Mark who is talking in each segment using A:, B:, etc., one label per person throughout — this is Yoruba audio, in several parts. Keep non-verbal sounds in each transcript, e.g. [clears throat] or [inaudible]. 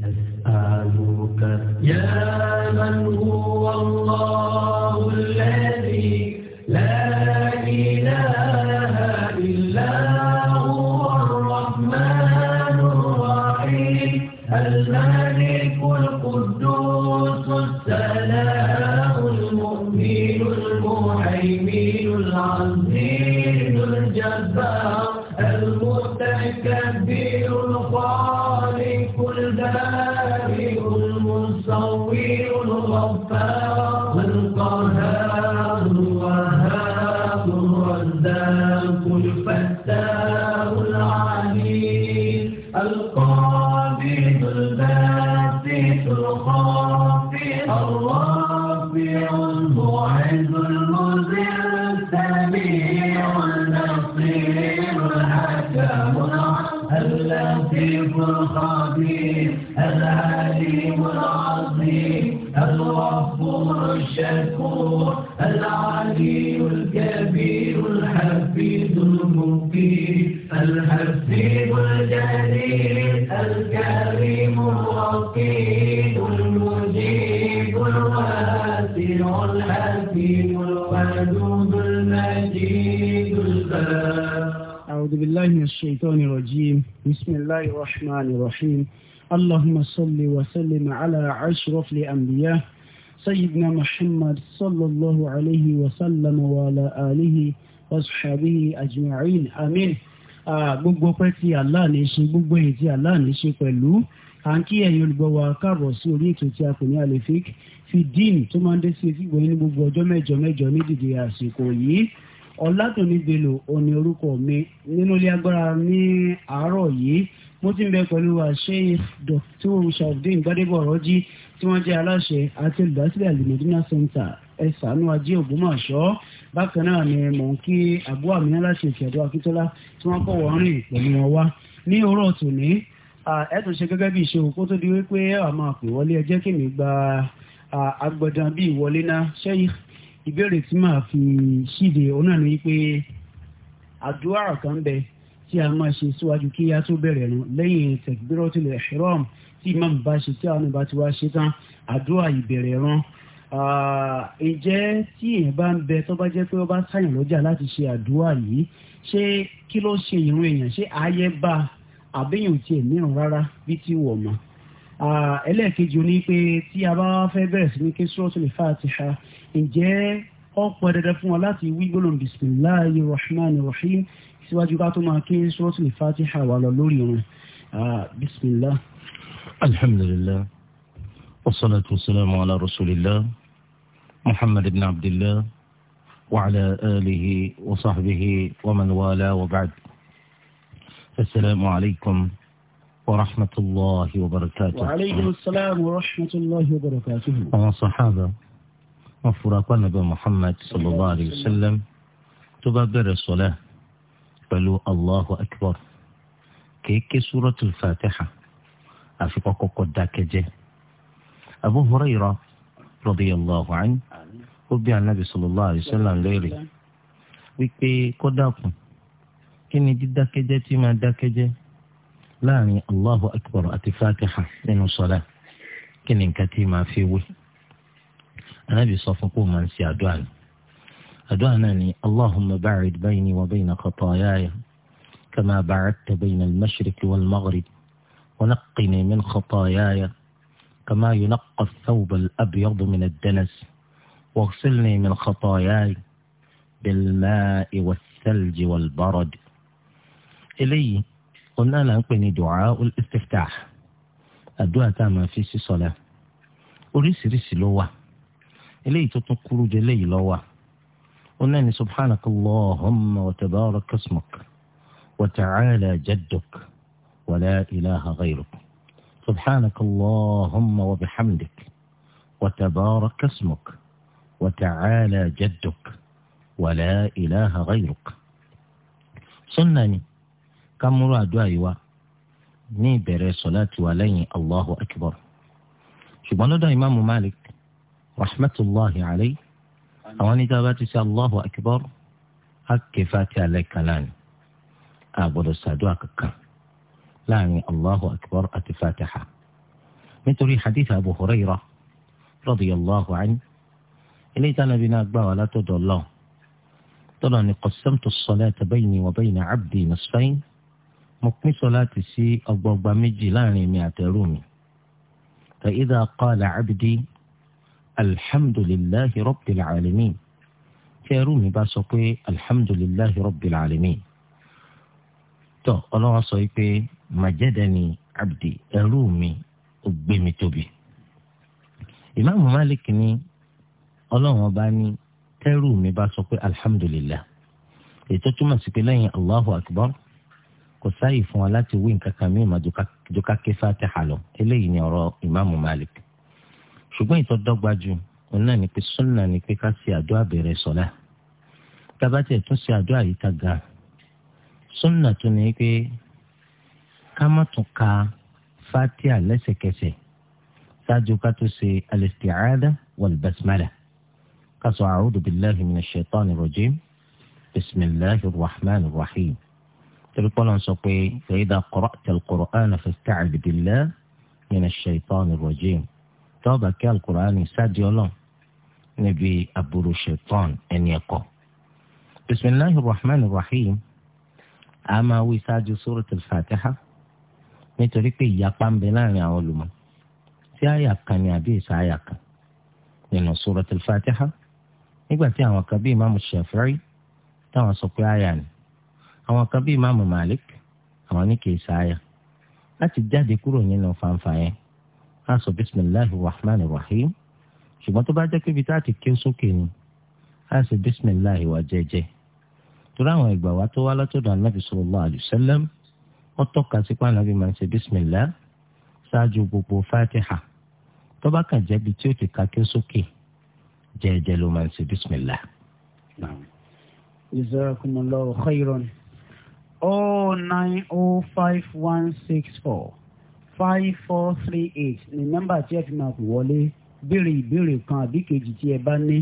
A: نسألك يا من هو الله السلام
B: أعوذ بالله من الشيطان الرجيم بسم الله الرحمن الرحيم اللهم صل وسلم على أشرف الأنبياء سيدنا محمد صلى الله عليه وسلم وعلى آله وصحبه أجمعين آمين gbogbo ọpẹ́ tí Allah ní ṣe gbogbo èyí tí Allah ní ṣe pẹ̀lú à ń kí ẹ̀yin olùgbọ́ wa káàbọ̀ sí orí ètò tí a pè ní alefik fi dín tó máa ń dé sí etí gbòyìn ní gbogbo ọjọ́ mẹ́jọ mẹ́jọ ní dìde àsìkò yìí ọlátòní bello òní orúkọ mi nínú ilé agbára ní àárọ̀ yìí mo ti ń bẹ pẹ̀lú àṣẹ dr shafdin gbadebo ọ̀rọ̀jì tí wọ́n jẹ́ aláṣẹ àti olùdásílẹ̀ alimọ̀dínà center ẹ̀sánú ajé ògbómọ̀ṣọ́ bákan náà ni mò ń kí àbú àmìnà láti ìṣẹ̀dọ̀ akíntola tí wọ́n kọ̀ wọ́n rìn pẹ̀lú wọn wá ní òórọ̀ tòní ẹ̀tún ṣe gẹ́gẹ́ bí ìṣòwò kó tó di wípé àwọn àpè wọlé ẹjẹ́ kìnnì gba agbọ̀dàn bíi ìwọlé náà ṣẹ́yìn ìbéèrè tí màá fi ṣíde ọ̀nà ni pé àdúrà kan bẹ tí a máa ṣe síwájú kí a tó bẹ̀rẹ̀ rún lẹ́yìn takbiratul ihram tí imam bá ṣe tí àwọn ìbá ti wá ṣe tán àdúrà ìbẹ̀rẹ̀ rún ǹjẹ́ tí èèyàn bá ń bẹ tó bá jẹ́ pé ó bá sáyàn lọ́jà láti ṣe àdúrà yìí ṣé kí ló ṣe ìrun èèyàn ṣé ààyè bá àbẹ́yìn tiẹ̀ mìíràn rárá bí ti wọ̀ mọ́ ẹlẹ́ẹ̀kejì ni pé tí a bá fẹ́ bẹ̀rẹ̀ sí ní kí suratul Fatiha ǹjẹ́ ó pọn dandan fún wa láti wí gbólóhùn bismillahir rahmanir rahim síwájú ká tó máa kí suratul Fatiha wà lọ lórí wọn bismillah.
C: alhamdulillah wassalatu wassalamu ala rasulillah muhammad ibn abdillah wa ala alihi wa sahbihi wa man wala wa ba'd. assalamu alaykum. ورحمة الله وبركاته وعليكم
B: السلام ورحمة الله وبركاته
C: ومن صحابة وفراق النبي محمد صلى الله عليه وسلم تبادر الصلاة بلو الله أكبر كيك سورة الفاتحة أفقك قد جه أبو هريرة رضي الله عنه قد النبي صلى الله عليه وسلم ليلي وكي قد كني جدا كجة تما دا كجه, لاني الله أكبر أتفاتحة من صلاة كن كتي ما في وي أنا بصفقو من سي أدوان أدوانني اللهم بعد بيني وبين خطاياي كما بعدت بين المشرك والمغرب ونقني من خطاياي كما ينقى الثوب الأبيض من الدنس واغسلني من خطاياي بالماء والثلج والبرد إلي قلنا نحن دعاء الاستفتاح الدعاء تاما في الصلاة وريس ريس لوا إلي تتقل جلي لوا قلنا سبحانك اللهم وتبارك اسمك وتعالى جدك ولا إله غيرك سبحانك اللهم وبحمدك وتبارك اسمك وتعالى جدك ولا إله غيرك سنني kámúrò àdúrà yìí wá ní ìbẹ̀rẹ̀ sọ̀láàtì wa lẹ́yìn allahu akbar ṣùgbọ́n lọ́dọ̀ ìmáàmù malik rahmatulahi alayhi àwọn níta bá ti ṣe allahu akbar akefa ti alẹ́ kalani àgbọ̀dọ̀ ṣàdúrà kankan láàrin allahu akbar àti fatiha nítorí hadith abu hurayra radiyallahu anhu eléyìí tí anabi náà gbà wá látọ̀dọ̀ lọ́wọ́ tọ́lọ̀ ni qasamtu as-salata bayni wa bayna abdi mo pín sọláàtì sí ọgbọọgba méjì láàrin mi àtẹrù mi fa idha qala abdi alhamdulillahi rabbil alamin tí ẹrú mi bá sọ pé alhamdulillahi rabbil alamin tó ọlọ́wọ́ sọ pé majadani abdi ẹrú mi ó gbé mi tóbi ìmáàmù malik ni ọlọ́run ọba ní tẹ́rù mi bá sọ pé alhamdulillah ètò túmọ̀ sí pé lẹ́yìn allahu akbar kò sáàyè fún wa láti wí nǹkan kan mí ìmọ̀ jóká ké fatiha lọ eléyìí ni ọ̀rọ̀ ìmáàmù Malik ṣùgbọ́n ìtọ́ dọ́gba ju òun náà ni pé sunna ni pé ká ṣe àdúrà bẹ̀rẹ̀ sọ́lá tábàtì ẹ̀ tún ṣe àdúrà yìí ga sunna tún ni pé ká má tún ka fatiha lẹ́sẹ̀kẹsẹ̀ ṣáájú ká tó ṣe al-isti'adha wal-basmala ká sọ a'udhu billahi minash shaitani rajim bismillahir rahmanir rahim tẹlifọ́nà sọ pé ṣèyídà qara'ta al-Qur'ana fasta'id billah minash shaitani rajim tọ́ọ̀bà kí al-Qur'ani sáàdì ọlọ́run níbi aburú ṣaitan ẹni ẹ̀kọ́. bisimilahi rahman rahim a máa wí sáájú suratul fatiha nítorí pé ìyapa ń bẹ láàrin àwọn olùmọ̀ tí àyà kan ni àbí ìsà àyà kan nínú suratul fatiha nígbà tí àwọn kan bí imaamu shafi'i táwọn sọ pé àyà ni àwọn kan bíi Imam Malik àwọn ní kì í sáyà láti jáde kúrò nínú fanfa yẹn á sọ bisimilahi rahman rahim ṣùgbọ́n tó bá jẹ́ pé ibi tá a ti ké sókè ni á sọ bisimilahi wa jẹ́jẹ́ torí àwọn ìgbà wa tó wá látọ̀dọ̀ anábì sallallahu alayhi wa sallam ó tọ́ka sí pàánà bí màá ṣe bisimilah ṣáájú gbogbo fatiha tó bá kàn jẹ́bi tí ó ti ka ké sókè jẹ́jẹ́ ló máa ṣe bisimilah.
B: jazakumullahu khairan. 0905164 5438 ní nọ́mbà tí ẹ fi máa pè wọlé béèrè ìbéèrè kan àbí kejì tí ẹ bá ní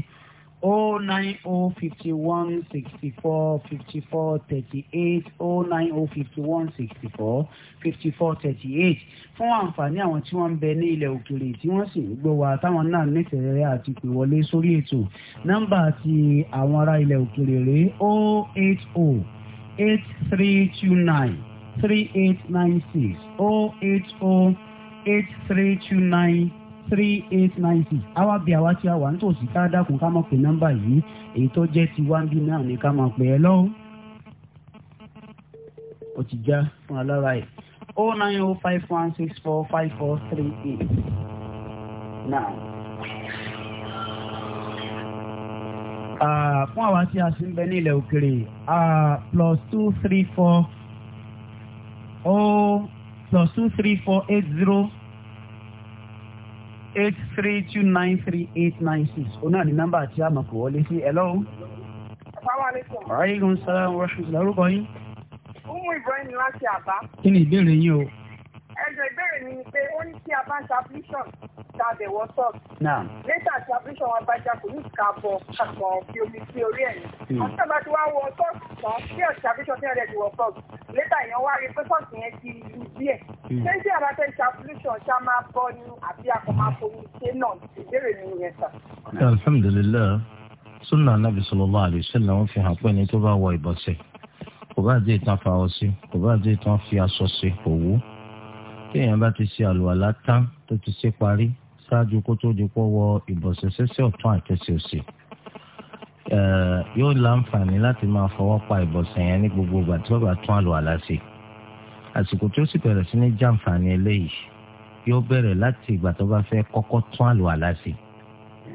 B: 09051645438 09051645438 fún àǹfààní àwọn tí wọ́n ń bẹ ní ilẹ̀ òkèèrè tí wọ́n sì ń gbọ́ wa táwọn náà nífẹ̀ẹ́ rẹ̀ àti pè wọlé sórí ètò nọ́mbà ti àwọn ará ilẹ̀ òkèèrè rèé 080 eight three two nine three eight nine six oh eight oh eight three two nine three eight nine six àwa bí àwa tí a wà nítòsí ká dákun ká máa pè nọ́mbà yìí èyí tó jẹ́ ti wá ń bí náà ni ká máa pè é lọ́wọ́ ó ti já fún alára ẹ̀ oh nine oh five one six four five four three eight now. Ah, fún àwa tí a sì ń bẹ ní ilẹ̀ òkèrè ah, plus two three four oh plus two three four eight zero eight three two nine three eight nine six òun náà ní nọ́mbà tí a mọ̀ kó wọlé sí ẹ̀ lọ́wọ́.
D: Assalamualaikum. Wa alaikum
B: salaam wa rahmatullahi. Lórúkọ yín.
D: Umu Ibrahim láti Àbá.
B: Kí ni ìbéèrè yín o?
D: ẹjọ́ ìbéèrè mi ni pé ó ní kí a bá ń ta application ta bẹ̀wọ̀ sọ. lẹ́tà kò ní ká bọ̀ kàkọ́ fi omi sí orí ẹ̀ ní. àwọn sábà tí wàá wọ sọ́ọ̀sì tán kí ọ̀sẹ̀ application tí rẹ̀ ti wọ sọ́ọ̀sì. lẹ́tà yẹn wá rí pé sọ́ọ̀sì yẹn ti lu díẹ̀. Hmm. ṣé tí a bá fẹ́ ṣá máa bọ́ ní àbí a máa fomi ṣe náà ìbéèrè mi yẹn sà.
C: alhamdulillah sunna anabi sallallahu alayhi wa sallam fi hàn pé ẹni tó bá wọ ìbọ̀sẹ̀ kò bá dé ìtàn fa ọ sí kò bá dé ìtàn fi aṣọ sí òwú kéèyàn bá ti ṣe àlùwàlá tán tó ti ṣe parí ṣáájú kó tó di pọ́ wọ ìbọ̀sẹ̀ sẹ́sẹ̀ ọ̀tún àtẹ̀sẹ̀ òsì yóò láǹfààní láti máa fọwọ́ pa ìbọ̀sẹ̀ yẹn ní gbogbo ìgbà tí wọ́n bá tún àlùwàlá ṣe àsìkò tó sì bẹ̀rẹ̀ sí ní jàǹfààní eléyìí yóò bẹ̀rẹ̀ láti ìgbà tó bá fẹ́ kọ́kọ́ tún àlùwàlá ṣe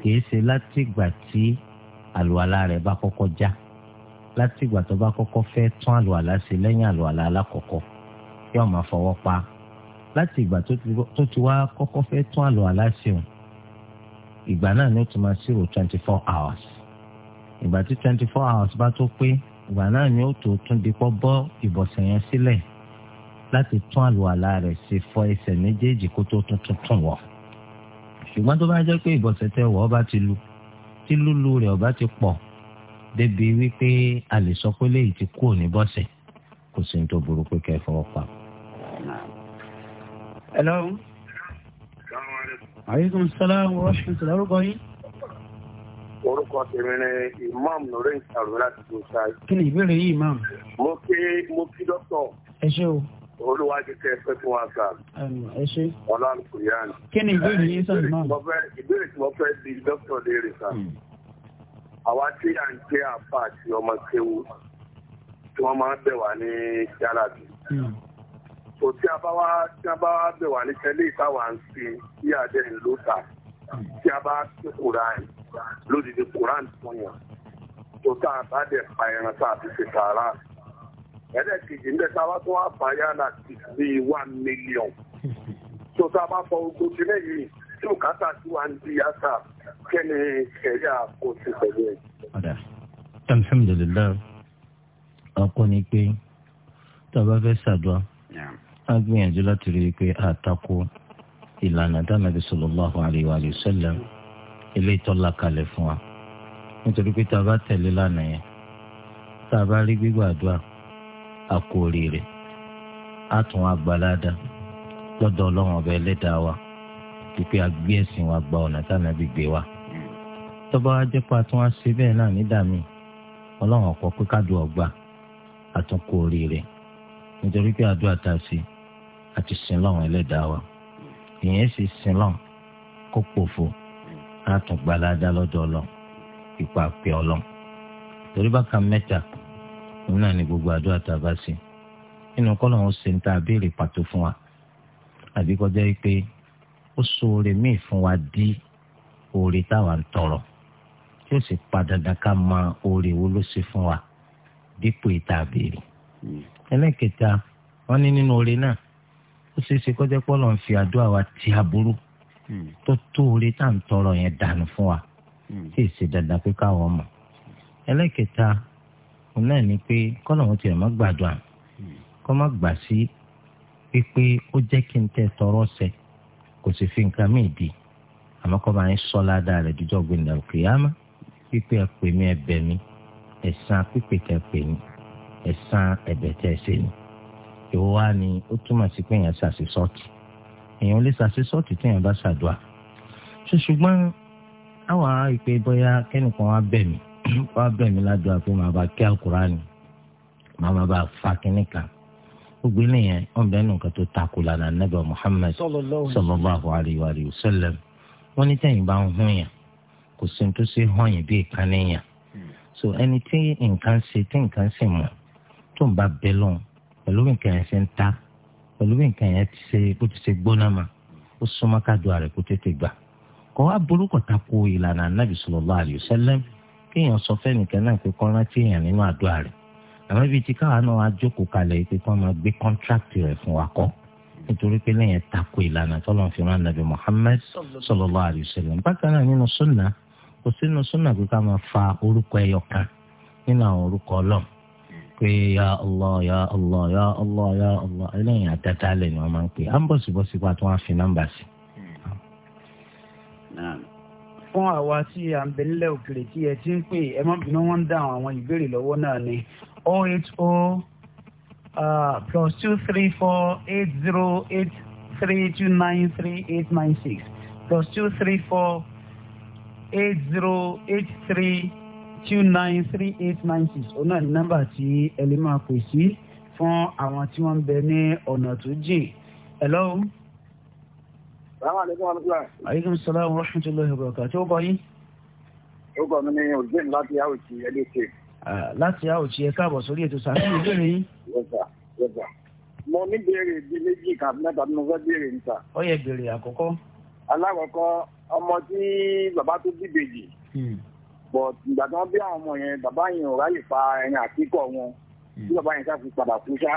C: kìí ṣe láti ìgbà tí àlùwàlá rẹ̀ bá kọ́kọ́ já láti ìgbà tó bá kọ́kọ́ fẹ́ tún àlùwàlá ṣe lẹ́yìn àlùwàlá alákọ̀ọ́kọ́ yóò máa fọwọ́ pa láti ìgbà tó ti wá kọ́kọ́ fẹ́ tún àlọ́ aláṣẹun ìgbà náà ni ó ti máa ṣírò twenty four hours ìgbà tí twenty four hours bá tó pé ìgbà náà ni ó tó tún dipọ́ bọ́ ìbọ̀sẹ̀ yẹn sílẹ̀ láti tún àlọ́ àlá rẹ̀ ṣe fọ ẹsẹ̀ méjèèjì kó tó tún tuntun wọ̀ ṣùgbọ́n tó bá jẹ́ pé ìbọ̀sẹ̀ tẹ wọ̀ ọba ti lu tí lúlu rẹ̀ ọba ti pọ̀ débi wípé a lè sọ pé léyìí ti kúrò ní bọ́sẹ̀ kò sí ní tó burú pé kẹ́ ẹ fọwọ́ pa. Hello.
B: Àyíkún Sálámù Rọ́ṣùtù lórúkọ yín.
D: Orúkọ tèmi ni Imam Nureen Sàrò láti tó ṣáájú.
B: Kí ni ìbéèrè yìí, Imam?
D: Mo kí mo kí dọ́tọ̀. Ẹ ṣé o. Olúwa ti tẹ ẹgbẹ́ fún wa sà. Ẹ ṣé. Ọlá Kùrìyàn. Kí ni ìbéèrè yìí sọ̀rọ̀ náà? Ìbéèrè tí mo fẹ́ di dọ́tọ̀ léèrè sà. Hmm. Àwa tí à ń jẹ́ àfa àti ọmọ kéwu tí wọ́n máa ń bẹ̀ wá ní Jálàbí. Hmm kò tí a bá wá tí a bá wá bẹ̀ wá ní tẹ́lẹ̀ ìtawà ń ṣe bí adẹ́ ń ló ta tí a bá ti kura ẹ̀ lódìdí kuran fún yàn tó tá a bá dẹ̀ pa ẹran tá a ti ṣe tààrà ẹlẹ́ẹ̀kejì ń bẹ tá a bá tó wá fà yá láti bí one million tó tá a bá fọ ogun sílẹ̀ yìí tí o kàtà tí wàá ń di yàtà kẹ́ni ẹ̀yà kò sí pẹ̀lú ẹ̀.
C: alhamdulilayi ọkọ ni pé tá a bá á gbìyànjú láti rí i pé àtakò ìlànà dánàbí sallallahu alayhi wa sallam ilé ìtọ́lá kalẹ̀ fún wa nítorí pé tá a bá tẹ̀lé lánàá yẹn tá a bá rí gbígbàdúrà a kú oríire á tún agbálada lọ́dọ̀ ọlọ́run ọba ẹlẹ́dàá wa pípé agbé ẹ̀sìn wa gba ọ̀nà tánàbí gbé wa tọ́ba wa jẹ́ pé a tún wá ṣe bẹ́ẹ̀ náà nídà míì ọlọ́run ọ̀pọ̀ pé ká dùn ọgbà a tún nítorí pé àdúrà tá a ṣe àti sinlọ́n ẹlẹ́dàá wa ìyẹn sì sinlọ́n kó pòfo látún lọ́dọ̀ ọlọ́n ipa pé ọlọ́n torí bákan mẹ́ta òun náà ni gbogbo àdúrà tá a bá ṣe nínú kọ́lọ̀ wọn ṣe ń ta àbéèrè pàtó fún wa àbí kọjá yìí pé ó so oore míì fún wa dí oore táwa ń tọrọ tí sì pa dandan ká oore wo ló ṣe fún wa dípò ìta àbéèrè hmm. ẹlẹ́kẹta wọ́n ní nínú oore náà ó ṣeé ṣe kó jẹ́ pé Ọlọ́run fi àdúrà wa ti aburú hmm. tó tó orí tá à ń tọrọ yẹn dànù fún wa hmm. tí ì ṣe dandan pé káwọn mọ̀ ẹlẹ́kẹta òun náà ni pé kọ́lọ́run tiẹ̀ má gbàdúrà hmm. kọ́ má gbà sí pípé ó jẹ́ kí n tẹ́ tọrọ ṣẹ kò sì fi nǹkan míì di àmọ́ kọ́ máa ń sọ ládàá rẹ̀ dídọ́ gbẹ̀ndà òkèèyàmá pípé ẹ pè mí ẹ bẹ̀ mí ẹ̀san pípé tẹ pè mí ẹ̀san ẹ̀bẹ̀ tẹ ṣe ni ìwọ wá ni ó túmọ̀ sí pé èèyàn ṣàṣì sọ́ọ̀tì èèyàn lè ṣàṣì sọ́ọ̀tì tí èèyàn bá ṣàdúrà ṣe ṣùgbọ́n àwọn ará ìpè bóyá kẹ́nìkan wá bẹ̀ mí [clears throat] wá bẹ̀ mí ládùúgbò pé màá bá kí alukurani màá má bá fa kínní kan gbogbo eléyẹn wọn bẹ nù kan tó takò lànà nàbẹ Muhammad sallallahu alayhi wa sallam wọn ní tẹ̀yìn bá ń hún yàn kò sí tó ṣe hàn yín bí ìkànnì yàn hmm. so ẹni tí nǹkan ṣe tí nǹkan ṣe mọ̀ tó ń bá bẹ lọ́hùn pẹ̀lú nǹkan yẹn ṣe ń ta pẹ̀lú nǹkan yẹn ti ṣe bó ti ṣe gbóná ma ó súnmọ́ kádùá rẹ̀ kó tètè gbà kọ́ aburúkọ tako ìlànà anábì sallallahu alayhi wa sallam kéèyàn sọ fẹ́nìkan náà pé kọ́ rántí èèyàn nínú àdúrà rẹ̀ àmọ́ ibi tí káwa náà ajókòó kalẹ̀ yìí pé kọ́ máa gbé kọ́ńtrákìtì rẹ̀ fún wa kọ́ nítorí pé lẹ́yìn tako ìlànà tọ́lọ́ fi rán nàbì Muhammad sallallahu alayhi wa sallam bákan náà nínú súnà kò sínú súnà pé ká máa fa orúkọ ẹyọ kan nínú àwọn orúkọ ọlọ́run pé ya Allah ya Allah ya Allah ya Allah ẹlẹ́yìn àtẹ́tẹ́ alẹ́ ni wọ́n máa ń pè á ń bọ̀ síbọ̀ sípò àti wọ́n á fi nọ́mbà sí. Hmm.
B: fún àwa tí à ń bẹ nílẹ̀ òkèrè tí ẹ ti ń pè ẹ má bínú wọn ń dá àwọn ìbéèrè lọ́wọ́ náà ni o oh eight o oh, uh, plus two three four eight zero eight three two nine three eight nine six plus two three four eight zero eight three two nine three eight nine six òun náà ní nọ́mbà tí ẹ lè máa pè sí fún àwọn tí wọ́n ń bẹ ní ọ̀nà tó jìn. hello.
D: salaamaleykum wa rahmatulah.
B: aleykum salaam wa rahmatulah wa barakatuh. ó kọ́ yín.
D: ó kọ́ mi ní olùdíyẹ̀mí láti yàwó ti ẹgbẹ́ ṣe.
B: láti yàwó ti ẹ káàbọ̀ sórí ètò sàkíyèsí ìbéèrè yín.
D: yẹ́sà yẹ́sà mo ní béèrè bíi méjì kàbí mẹ́ta tí mo fẹ́ béèrè níta.
B: ó yẹ béèrè àkọ́kọ́.
D: alákọ̀ọ́kọ́ ọmọ tí bàbá tó bí bèjì. Hmm but ìgbà tí wọ́n bí àwọn ọmọ yẹn bàbá yẹn ò ráyè fa ẹyin àtìkọ̀ wọn tí hmm. bàbá yẹn sáfi padà kú ṣá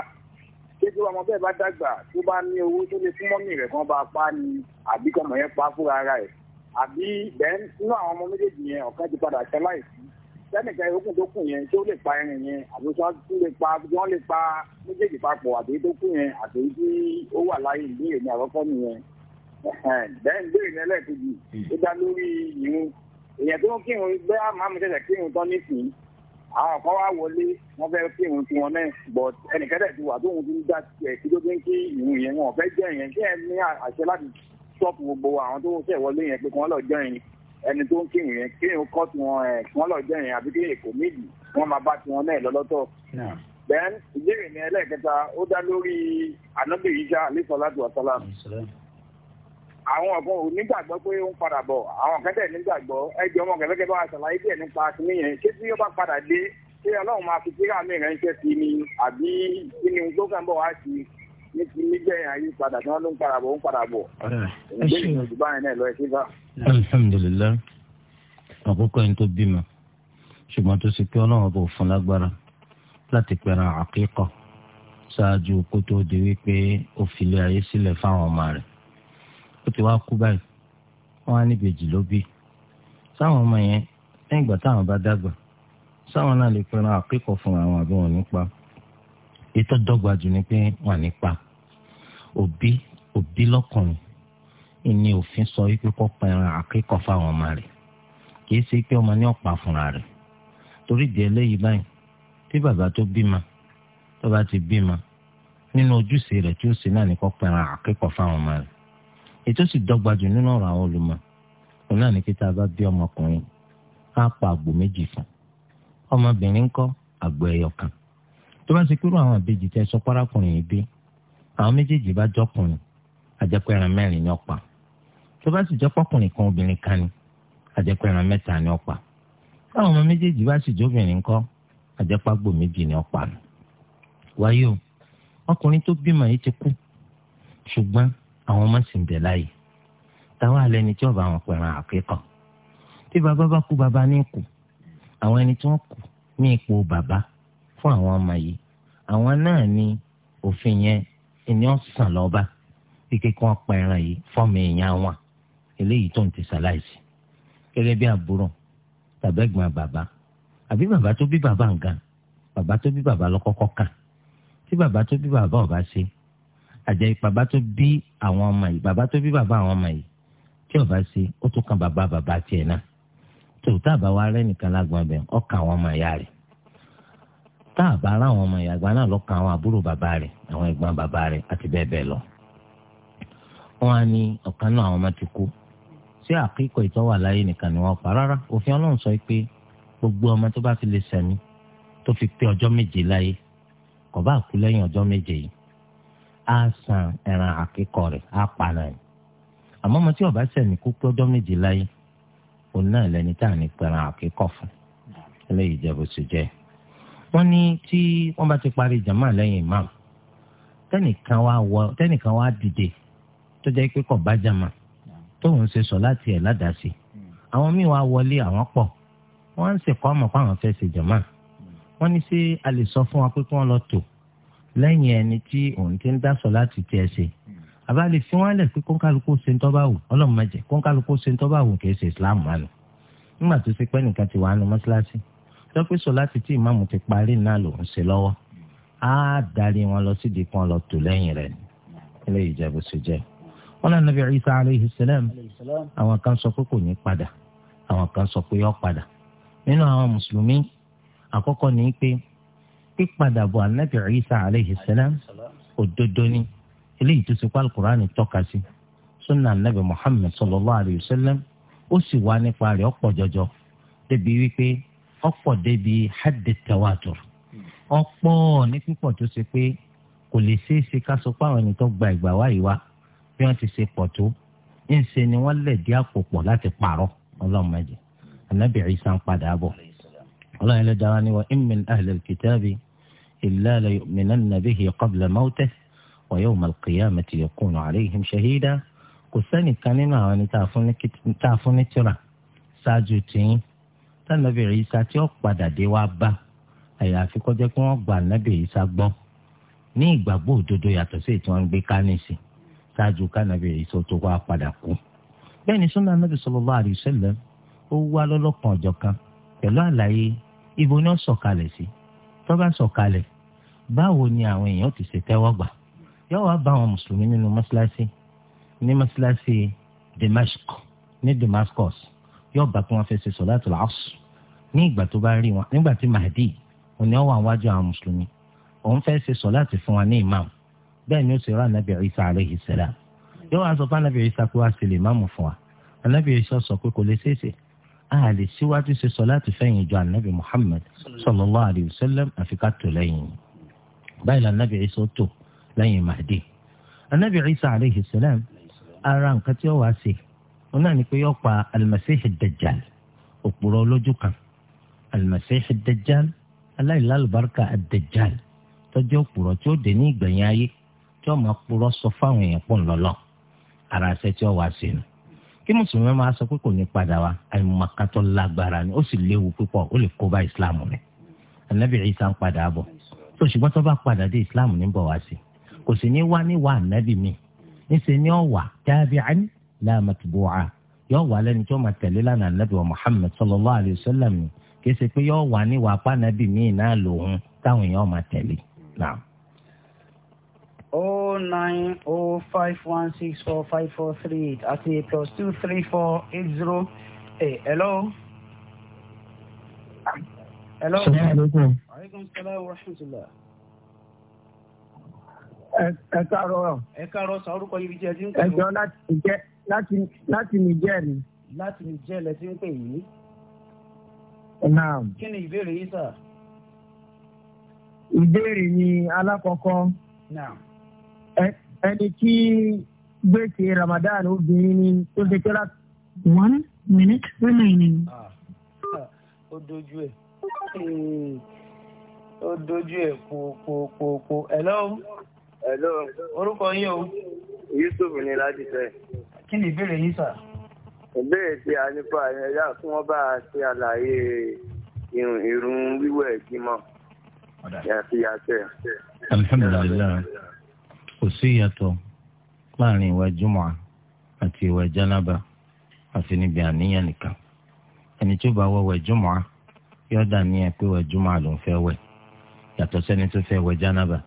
D: kéde ọmọ bẹ́ẹ̀ bá dàgbà tó bá ní owó tó lè fún mọ́mì rẹ̀ kan bá pa ni àbí kọ́mọ yẹn pa fúnra ara ẹ̀ àbí bẹ́ẹ̀ nínú àwọn ọmọ méjèèjì yẹn ọ̀kan ti padà ṣẹlá ìsí sẹ́nìkan ìrókùn tó kù yẹn tó lè pa ẹrin yẹn àbí wọ́n tún lè pa wọ́n lè pa méjèèjì papọ̀ àbí tó kù yẹn àti èyí tí ó wà láyé ìlú èmi àkọ́kọ́ nìyẹn bẹ́ẹ̀ ń béèrè lẹ́lẹ́kejì hmm. ó dá lórí ìrún èèyàn tó ń kírun gbé àmàmù ṣẹ̀ṣẹ̀ kírun tán nísìnyí àwọn kan wá wọlé wọn fẹ́ kírun tiwọn náà but ẹnìkan ti wà tóun ti ń dá tiẹ̀ kí ló dé ń kí ìrun yẹn wọn fẹ́ jẹ́ yẹn kí ẹ ní àṣẹ láti stop gbogbo àwọn tó ń ṣẹ̀ wọlé yẹn pé kí wọ́n lọ jẹ́ yẹn ẹni tó ń kírun yẹn kírun kọ́ tiwọn ẹ̀ kí wọ́n lọ jẹ́ yẹn àbí kí èkó méjì wọ́n máa bá tiwọn náà lọ́lọ́tọ̀ then ìbéèrè ní ẹlẹ́ẹ̀kẹta ó dá lórí ànábì Ìsá alayhi salatu wa àwọn kan ò nígbàgbọ́ pé ó ń padà bọ̀ àwọn kan tẹ̀ nígbàgbọ́ ẹ jẹ́ ọmọ kẹ̀kẹ́ bá ṣàlàyé díẹ̀ nípa kíní yẹn ṣé tí ó bá padà dé ṣé ọlọ́run máa fi síra mi ránṣẹ́ sí ni àbí kí ni tó kàn bọ̀ wá sí ní ti níjẹ́ ayé padà tí wọ́n ló ń padà bọ̀ ó ń padà bọ̀ ẹ ṣe bá.
C: alhamdulillah àkókò yẹn tó bímọ ṣùgbọ́n tó ṣe pé ọlọ́run kò fún lágbára láti pẹ̀ràn àkíkọ̀ ṣáájú kó tó di wípé ó filé ayé sílẹ̀ fáwọn ọmọ rẹ̀ ó ti wá kú báyìí wọ́n á níbi èjì ló bí sáwọn ọmọ yẹn lẹ́yìn ìgbà táwọn bá dàgbà sáwọn náà lè pẹran fún àwọn àbí wọn nípa ètò dọ́gba jù ni pé wọn nípa òbí òbí lọ́kùnrin ìní òfin sọ wípé fáwọn ọmọ rẹ̀ kìí ṣe pé ọmọ ní ọ̀pá fúnra rẹ̀ torí ìdí báyìí tí bàbá tó bímọ tó bá ti bímọ nínú ojúṣe rẹ̀ tí ó ṣe náà ní ètò sì dọ́gba jù nínú ọ̀rọ̀ àwọn olùmọ̀ òun náà ní kí tá a bá bí ọmọkùnrin ká pa àgbò méjì fún ọmọbìnrin ń kọ́ àgbò ẹyọ kan tó bá ti kúrò àwọn àbejì tẹ sọ párákùnrin yìí bí àwọn méjèèjì bá jọkùnrin àjẹpẹ́ ẹran mẹ́rin ni ọ̀pá tó bá sì jọpọkùnrin kan obìnrin kan ni àjẹpẹ́ ẹran mẹ́ta ni ọ̀pá táwọn ọmọ méjèèjì bá sì jóbìnrin kọ́ àjẹpẹ́ àgbò méjì ni ọ̀pá wáyé o ọkùnrin tó bímọ yìí ti kú ṣùgbọ́n àwọn ọmọ sì ń bẹ láàyè táwọn alẹ́ ni tí ọba àwọn pẹ̀ràn àkẹ́kọ̀ọ́ tí bàbá bá kú bàbá ní kù àwọn ẹni tí wọ́n kù ní ipò bàbá fún àwọn ọmọ yìí àwọn náà ni òfin yẹn ẹni ọ̀sán lọ́ba kíkẹ́ kí wọ́n pẹ̀ràn yìí fọ́ọ̀mù èèyàn wọn eléyìí tó ń ti ṣàláìsí gẹ́gẹ́ bí àbúrò tàbẹ́gbọ̀n bàbá àbí bàbá tó bí bàbá nǹkan bàbá tó bí bàbá lọ́kọ́kọ́ kàn tí bàbá tó bí bàbá ọ̀bá ṣe àjẹ́ bàbá tó bí àwọn ọmọ yìí bàbá tó bí bàbá àwọn ọmọ yìí tí ó bá ṣe ó tún kan bàbá bàbá tiẹ̀ náà tòótọ́ àbáwá rẹ̀ nìkan lágbọ́n bẹ̀ ọkàn àwọn ọmọ ìyá rẹ̀ tá a bá ara àwọn ọmọ ìyàgbá náà lọ́kàn àwọn àbúrò bàbá rẹ̀ àwọn ẹ̀gbọ́n bàbá rẹ̀ àti bẹ́ẹ̀ bẹ́ẹ̀ lọ. wọ́n á ní ọ̀kan náà àwọn ọmọ ti kú ṣé àkíkọ̀ ìtọ́wà láyé nìkan ni wọ́n pa rárá òfin ọlọ́run sọ pé gbogbo ọmọ tó bá fi lè sẹ̀mí tó fi pé ọjọ́ méje láyé kò bá kú lẹ́yìn ọjọ́ méje yìí á san ẹran àkíkọ rẹ̀ á pa náà ni àmọ́ ọmọ tí ọba sẹ̀mí kú pé ọjọ́ méje láyé òun náà lẹni tá à ní pẹ̀ràn àkíkọ fún eléyìí jẹ́ bó ṣe jẹ́ wọ́n ní tí wọ́n bá ti parí jàmáà lẹ́yìn imam tẹ́nìkan wá wọ tẹ́nìkan wá dìde tó jẹ́ pé kò bá jàmáà tóun ṣe sọ láti ẹ̀ ládàásì àwọn míì wá wọlé àwọn pọ̀ wọ́n ń ṣèkọ́ ọmọ pé àwọn fẹ́ ṣe jàmáà wọ́n ní ṣé a sọ fún wa pé kí wọ́n lọ tò lẹ́yìn ẹni tí òun ti ń dásọ láti tiẹ̀ ṣe àbálẹ̀ fi wọ́n lẹ̀ pé kọ́ńkálukú ṣe ń tọ́ba wò ọlọ́mọ jẹ ṣe ń tọ́ba wò kì ṣe islam wà nù nígbà tó ṣe pé nìkan ti wà nù mọ́ṣáláṣí tó pé sọ láti tí ìmáàmù ti parí náà lòún ṣe lọ́wọ́ á darí wọn lọ sídi kan lọ tò lẹ́yìn rẹ̀ ni ilé ìjẹ́bù ṣe jẹ́ wọn náà nàbí Isa aleyhi salam àwọn kan sọ pé kò ní padà àwọn kan sọ pé yọ padà nínú àwọn mùsùlùmí àkọ́kọ́ ni pé pípadàbọ̀ anabi isa aleyhi salam òdodo ni eléyìí tó ti kó alukur'an tọ́ka sí sunna anabi muhammed sallallahu alayhi wa sallam ó sì wá nípa rẹ̀ ọ̀pọ̀ jọjọ débi wípé ọ̀pọ̀ débi haddi tawatur ọ̀pọ̀ ní pípọ̀ tó ṣe pé kò lè ṣeé ṣe ká sọ pé àwọn ẹni tó gba ìgbà wáyé wa bí wọ́n ti ṣe pọ̀ tó ń ṣe ni wọ́n lè dí àpò pọ̀ láti pààrọ̀ ọlọ́run anabi isa padà bọ̀ ọlọ́run ẹlẹ́dàá wa ni wa imil ahlil kitabi. إلا ليؤمنن به قبل موته ويوم القيامة يكون عليهم شهيدا kòsẹ́nì kan nínú àwọn ẹni tá a fún ní tíra ṣáájú tìyín tánàbì ìsá tí ó padà dé wá bá àyàfi kó jẹ́ kí wọ́n gba ànábì ìsá gbọ́ ní ìgbàgbọ́ òdodo yàtọ̀ sí ètò wọn gbé kánìsì ṣáájú kánàbì ìsá tó wá padà kú. bẹ́ẹ̀ ni súnà anábì sallallahu alaihi wasallam ó wá lọ́lọ́kan ọ̀jọ̀ kan pẹ̀lú àlàyé ibo ni ó sọ̀kalẹ̀ sí tó bá sọ̀kalẹ̀ báwo ni àwọn èèyàn ti ṣe tẹ́wọ́ gbà yóò wá bá àwọn mùsùlùmí nínú mọ́ṣáláṣí ní mọ́ṣáláṣí Damascus ní Damascus yóò bá kí wọ́n fẹ́ ṣe sọ̀láàtù làásù ní ìgbà tó bá rí wọn nígbà tí Mahdi òní ọ̀wọ́ àwájú àwọn mùsùlùmí òun fẹ́ ṣe sọ̀láàtù fún wa ní imam bẹ́ẹ̀ ni ó ṣe rọ anabi Isa aleyhi salam yóò wá sọ fún anabi Isa pé wá ṣe má mú fún wa anabi Isa sọ pé kò lè ṣeéṣe a lè síwájú ṣe sọ̀láàtù fẹ́yìn ìjọ anabi Muhammad sallallahu alayhi àfikà tó lẹ́yìn báyìí la anabi isa tó lẹ́yìn mahdi anabi isa aleyhi salam ara nǹkan tí ó wàá ṣe wọn náà ní pé yọ pa alimasihi dajjal òpùrọ́ olójú kan alimasihi dajjal aláìlálùbáríkà dajjal tọjọ òpùrọ́ tí ó dé ní ìgbẹ̀yìn ayé tí ó máa purọ́ sọ fáwọn èèyàn pọ̀ ńlọ́lọ́ ara ṣe tí ó wàá ṣe nù kí mùsùlùmí máa sọ pé kò ní padà wá àìmọ̀kàtọ́ lágbára ni ó sì léwu púpọ̀ ó lè kó bá ìsìláàmù anabi isa ń padà bọ̀ tó ṣùgbọ́n tó bá padà dé islam ní bọ̀ wá sí kò sì ní wá ní wà nábì mi níṣẹ́ ni ó wà tabi'an la matbu'a yóò wà lẹ́ni tó máa tẹ̀lé lánàá nábì wa muhammad sallallahu alayhi wa sallam ni kì í ṣe pé yóò wà ní wà pa nábì mi náà lòun táwọn èèyàn máa tẹ̀lé
B: O oh nine O oh five one six four five four three eight àti plus two three four eight zero eight. Hello.
D: Hello
B: aleykum salaam wa rahmatulah.
D: ẹ káàárọ̀.
B: orúkọ yìí jẹ́ ẹdín pẹ̀lú. ẹjọ́
D: láti jẹ́ láti nìjẹ́ ni.
B: láti nìjẹ́ lẹ ń pè yìí. naam. kí ni ìbéèrè yìí sà.
D: ìbéèrè ni alákọ̀ọ́kọ́. naam. ẹni tí gbèsè ramadan obìnrin ni tó ṣe kí láti.
B: one minute remaining.
D: Ah, ah, ó dojú
B: ẹ̀. Hmm ó dojú ẹ̀ pòpòpòpò hello.
D: hello. orúkọ yín o. yusuf ni láti fẹ.
B: kí ni ìbéèrè yín
A: sà.
D: ìbéèrè tí a ní fún àyẹ̀wò yá fún wọn bá a ṣe àlàyé irun wíwẹ̀ ìgbìmọ̀ àti yàtẹ̀.
A: alihamudulilayi
C: kò sí ìyàtọ̀ láàrin ìwẹ̀ jùmọ̀ àti ìwẹ̀ jánábà àfi níbi àníyàn nìkan ẹni tí ó bá wọ ìwẹ̀ jùmọ̀ yóò dà níyàn pé ìwẹ̀ jùmọ̀ ló ń fẹ́ wẹ̀ yàtọ̀ sẹ́ni tó fẹ́ wẹ̀ jánábà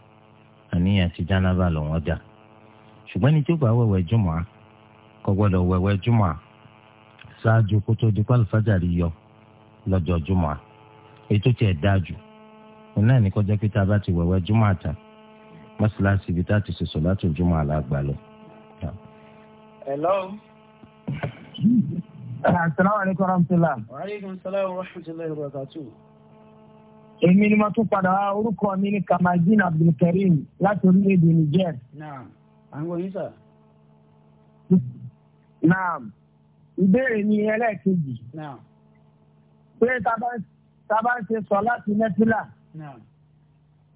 C: àníyàn ti jánábà lòun ọjà ṣùgbọ́n ní tí ó bá wẹ̀wẹ̀ jùmọ̀ á kò gbọ́dọ̀ wẹ̀wẹ̀ jùmọ̀ á ṣáájú kó tó di pálífájàrí yọ lọ́jọ́ jùmọ̀ á ètò tiẹ̀ dáa jù òun náà ní kọjá pé tá a bá ti wẹ̀wẹ̀ jùmọ̀ àtà mọ́ṣáláṣí ibi tá a ti sòsò láti jùmọ̀ àlágbà lọ.
B: hello.
D: asalaamualeykum wa rahmatulah.
B: wa aleykum
D: èmi ni mo tún padà wá orúkọ mi ní kamaldeen abdulkareem láti orílẹ̀-èdè niger.
B: naam àwọn yìí sà. naam
D: ìbéèrè mi ẹlẹ́ẹ̀kejì. naam pé tá a bá ń ṣe sọ láti nẹ́fílà. naam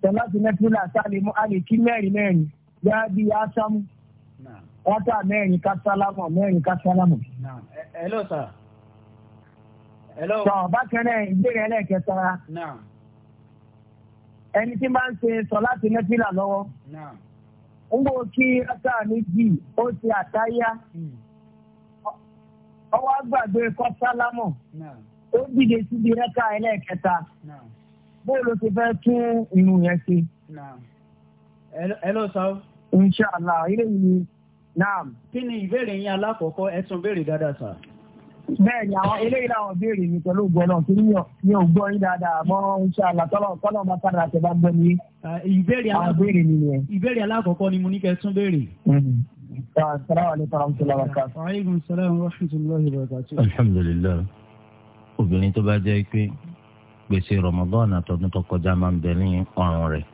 D: sọ láti nẹ́fílà tá a lè mú a lè kí mẹ́rin mẹ́rin gbáà bíi aṣámú. naam wákà mẹ́rin ká sálámù mẹ́rin ká sálámù. hello sir. hello. sọ bákan náà ìbéèrè ẹlẹ́ẹ̀kẹta. naam. ẹni tí máa ń ṣe sọ láti nẹ́fìlà lọ́wọ́ ń bò kí ọ́tà méjì ó ṣe àtáyá ọwọ́ hmm. àgbàgbé kọ́ sálámọ̀ ó dìde síbi rẹ́ka ẹlẹ́ẹ̀kẹta bóòlù ti fẹ́ tún irun yẹn ṣe.
B: ẹ lọ sọ. inshàlá ilé yìí naam. kí ni ìbéèrè yín alákọ̀ọ́kọ́ dada tún
D: béèrè dáadáa bẹ́ẹ̀ ni àwọn eléyìí làwọn béèrè mi pẹ̀lú ògbọ́n náà kí ni ò gbọ́ yín dáadáa mọ́ ṣáàlà tọ́lọ̀ tọ́lọ̀ bá padà tẹ̀ bá gbọ́ mi. Eh, ìbéèrè
B: ìbéèrè alákọ̀ọ́kọ́ ni mo ní kẹ́ tún béèrè. Mm-hmm. Assalamu alaykum warahmatullahi wabarakatuh. Wa alaykum assalam warahmatullahi wabarakatuh.
C: alhamdulilayi obìnrin tó bá jẹ́ pé gbèsè Ramadan àtọdún tó kọjá máa ń bẹ ní ọrùn rẹ̀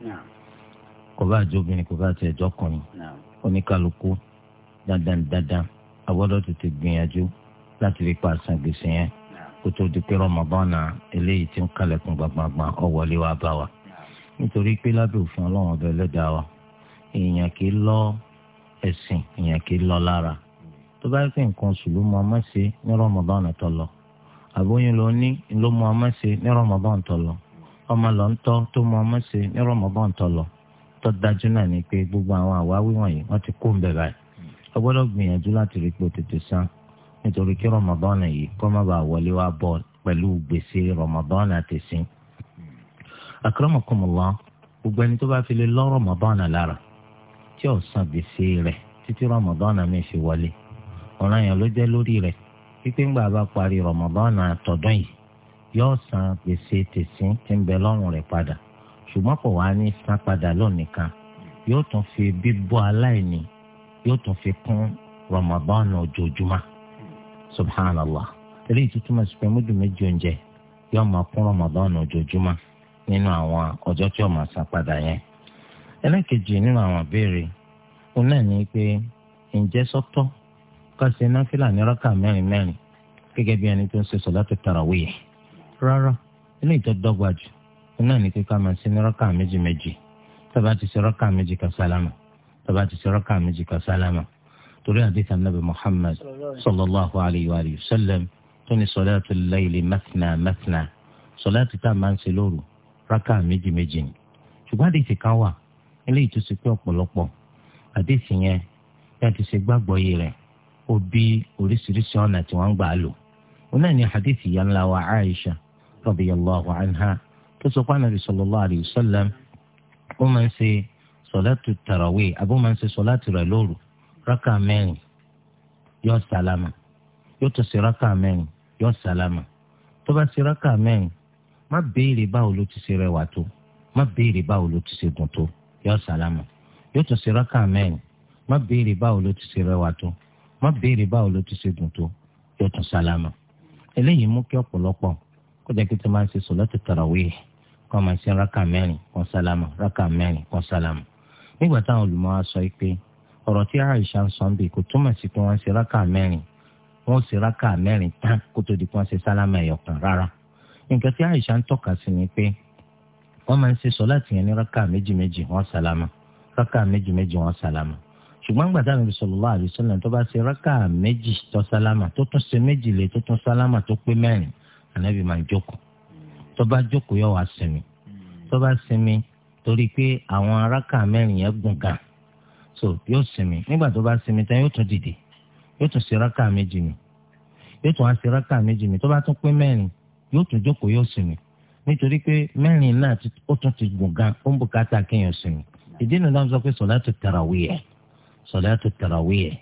C: kò bá jẹ́ obìnrin kò bá tiẹ̀ jọkùnrin oníkàlùkù dandan dandan a tètè gbìyànjú láti rí pa san gbèsè yẹn kó tó di pé rọmọbọ́nà eléyìí ti ń kalẹ̀kùn gbàgbàgbà ọ̀wọ́lé wa bá wa nítorí pé lábẹ́ òfin ọlọ́run ọbẹ̀ lẹ́dàá wa èèyàn kì í lọ ẹ̀sìn èèyàn kì í lọ lára tó bá pè nǹkan oṣù ló ọmọ ṣe ní rọmọbọ́nà tó lọ àbóyún ló ní ló mú ọmọ ṣe ní rọmọbọ́nà tó lọ ọmọ lọ ń tọ́ tó ọmọ lọ tó dájú náà ni gbogbo àwọn àwáwí wọ̀nyí wọ́n ti nítorí kí rọmọdọ́nà yìí kó má bàa wọlé wá bọ̀ pẹ̀lú gbèsè rọmọdọ́nà tẹ̀sìn. akramakumullah gbogbo ẹni tó bá fi lè lọ rọmọdọ́nà lára tí ò san gbèsè rẹ̀ títí rọmọdọ́nà mi fi wọlé ọ̀ràn yẹn ló jẹ́ lórí rẹ̀ pípé ńgbà bá parí rọmọdọ́nà tọ̀dún yìí yóò san gbèsè tẹ̀sìn tí ń bẹ lọ́rùn rẹ̀ padà ṣùgbọ́n kò wá ní san padà lónìí yóò tún fi bíbọ́ aláìní yóò tún fi kún rọmọdọ́nà ojoojúmọ́ subhanallah eléyìí tó túmọ̀ sí pé múdù méjì oúnjẹ yóò máa kún ramadan ojoojúmọ́ nínú àwọn ọjọ́ tí yóò máa san padà yẹn ẹlẹ́kejì nínú àwọn ìbéèrè òun náà ní pé ǹjẹ́ sọ́tọ́ ká ṣe náfìlà ní rákà mẹ́rin mẹ́rin gẹ́gẹ́ bí ẹni tó ń ṣe sọ̀látù tarawih rárá eléyìí tó dọ́gba jù òun náà ní pé ká máa ṣe ní méjì ti ṣe méjì torí àdìsá nàbì Muhammad sallallahu alayhi wa sallam tó ní sọláàtù layli mẹ́tìnà mẹ́tìnà sọláàtù tá a máa ń ṣe lóru rákà méjì méjì ni ṣùgbọ́n àdìsí kan wà eléyìí tó ṣe pé ọ̀pọ̀lọpọ̀ àdìsí yẹn bí a ti ṣe gbàgbọ́ yìí rẹ̀ ó bí oríṣiríṣi ọ̀nà tí wọ́n ń gbà á lò wọn náà ní àdìsí yẹn ńlá wa Aisha radiyallahu anha tó sọ pé anabi sallallahu alayhi wa sallam ó máa ń ṣe sọláàtù tarawih àbó máa ń ṣe sọláàtù rẹ̀ lóru rákà mẹ́rin yóò sálámà yóò tún ṣe rákà mẹ́rin yóò sálámà tó bá ṣe rákà mẹ́rin má béèrè báwo ló ti ṣe rẹwà tó má béèrè báwo ló ti ṣe gùn tó yóò sálámà yóò tún ṣe rákà mẹ́rin má béèrè báwo ló ti ṣe rẹwà tó má béèrè báwo ló ti ṣe gùn tó yóò tún sálámà eléyìí mú kí ọ̀pọ̀lọpọ̀ kó jẹ́ kí tó máa ń ṣe sọ̀látù tarawih kó máa ń ṣe rákà mẹ́rin kó sálámà rákà mẹ́rin kó sálámà nígbà táwọn olùmọ̀ wa sọ pé ọ̀rọ̀ tí Aisha ń sọ níbi kò túmọ̀ sí pé wọ́n ṣe rákà mẹ́rin wọ́n ṣe rákà mẹ́rin tán kó tó di pé wọ́n ṣe sálámà ẹ̀yọ̀kan rárá nǹkan tí Aisha ń tọ́ka sí ni pé wọ́n máa ń ṣe sọ láti yẹn ní rákà méjì méjì wọ́n sálámà rákà méjì méjì wọ́n sálámà ṣùgbọ́n gbàdá Ànábì sallallahu alaihi wasallam tó bá ṣe rákà méjì tó sálámà tó tún ṣe méjì lè tó tún sálámà tó pé mẹ́rin ànábì máa jókòó tó bá jókòó yóò wá sinmi tó bá sinmi torí pé àwọn rákà mẹ́rin yẹn gùn gan-an so yóò sinmi nígbà tó bá sinmi tán yóò tún dìde yóò tún ṣe rákà méjì mi yóò tún wá ṣe rákà méjì mi tó bá tún pé mẹ́rin yóò tún jókòó yóò sinmi nítorí pé mẹ́rin náà ó tún ti gùn gan ó ń bùkátà kéèyàn sinmi ìdí nìyẹn náà sọ pé sọ̀látù tarawih sọ̀látù tarawih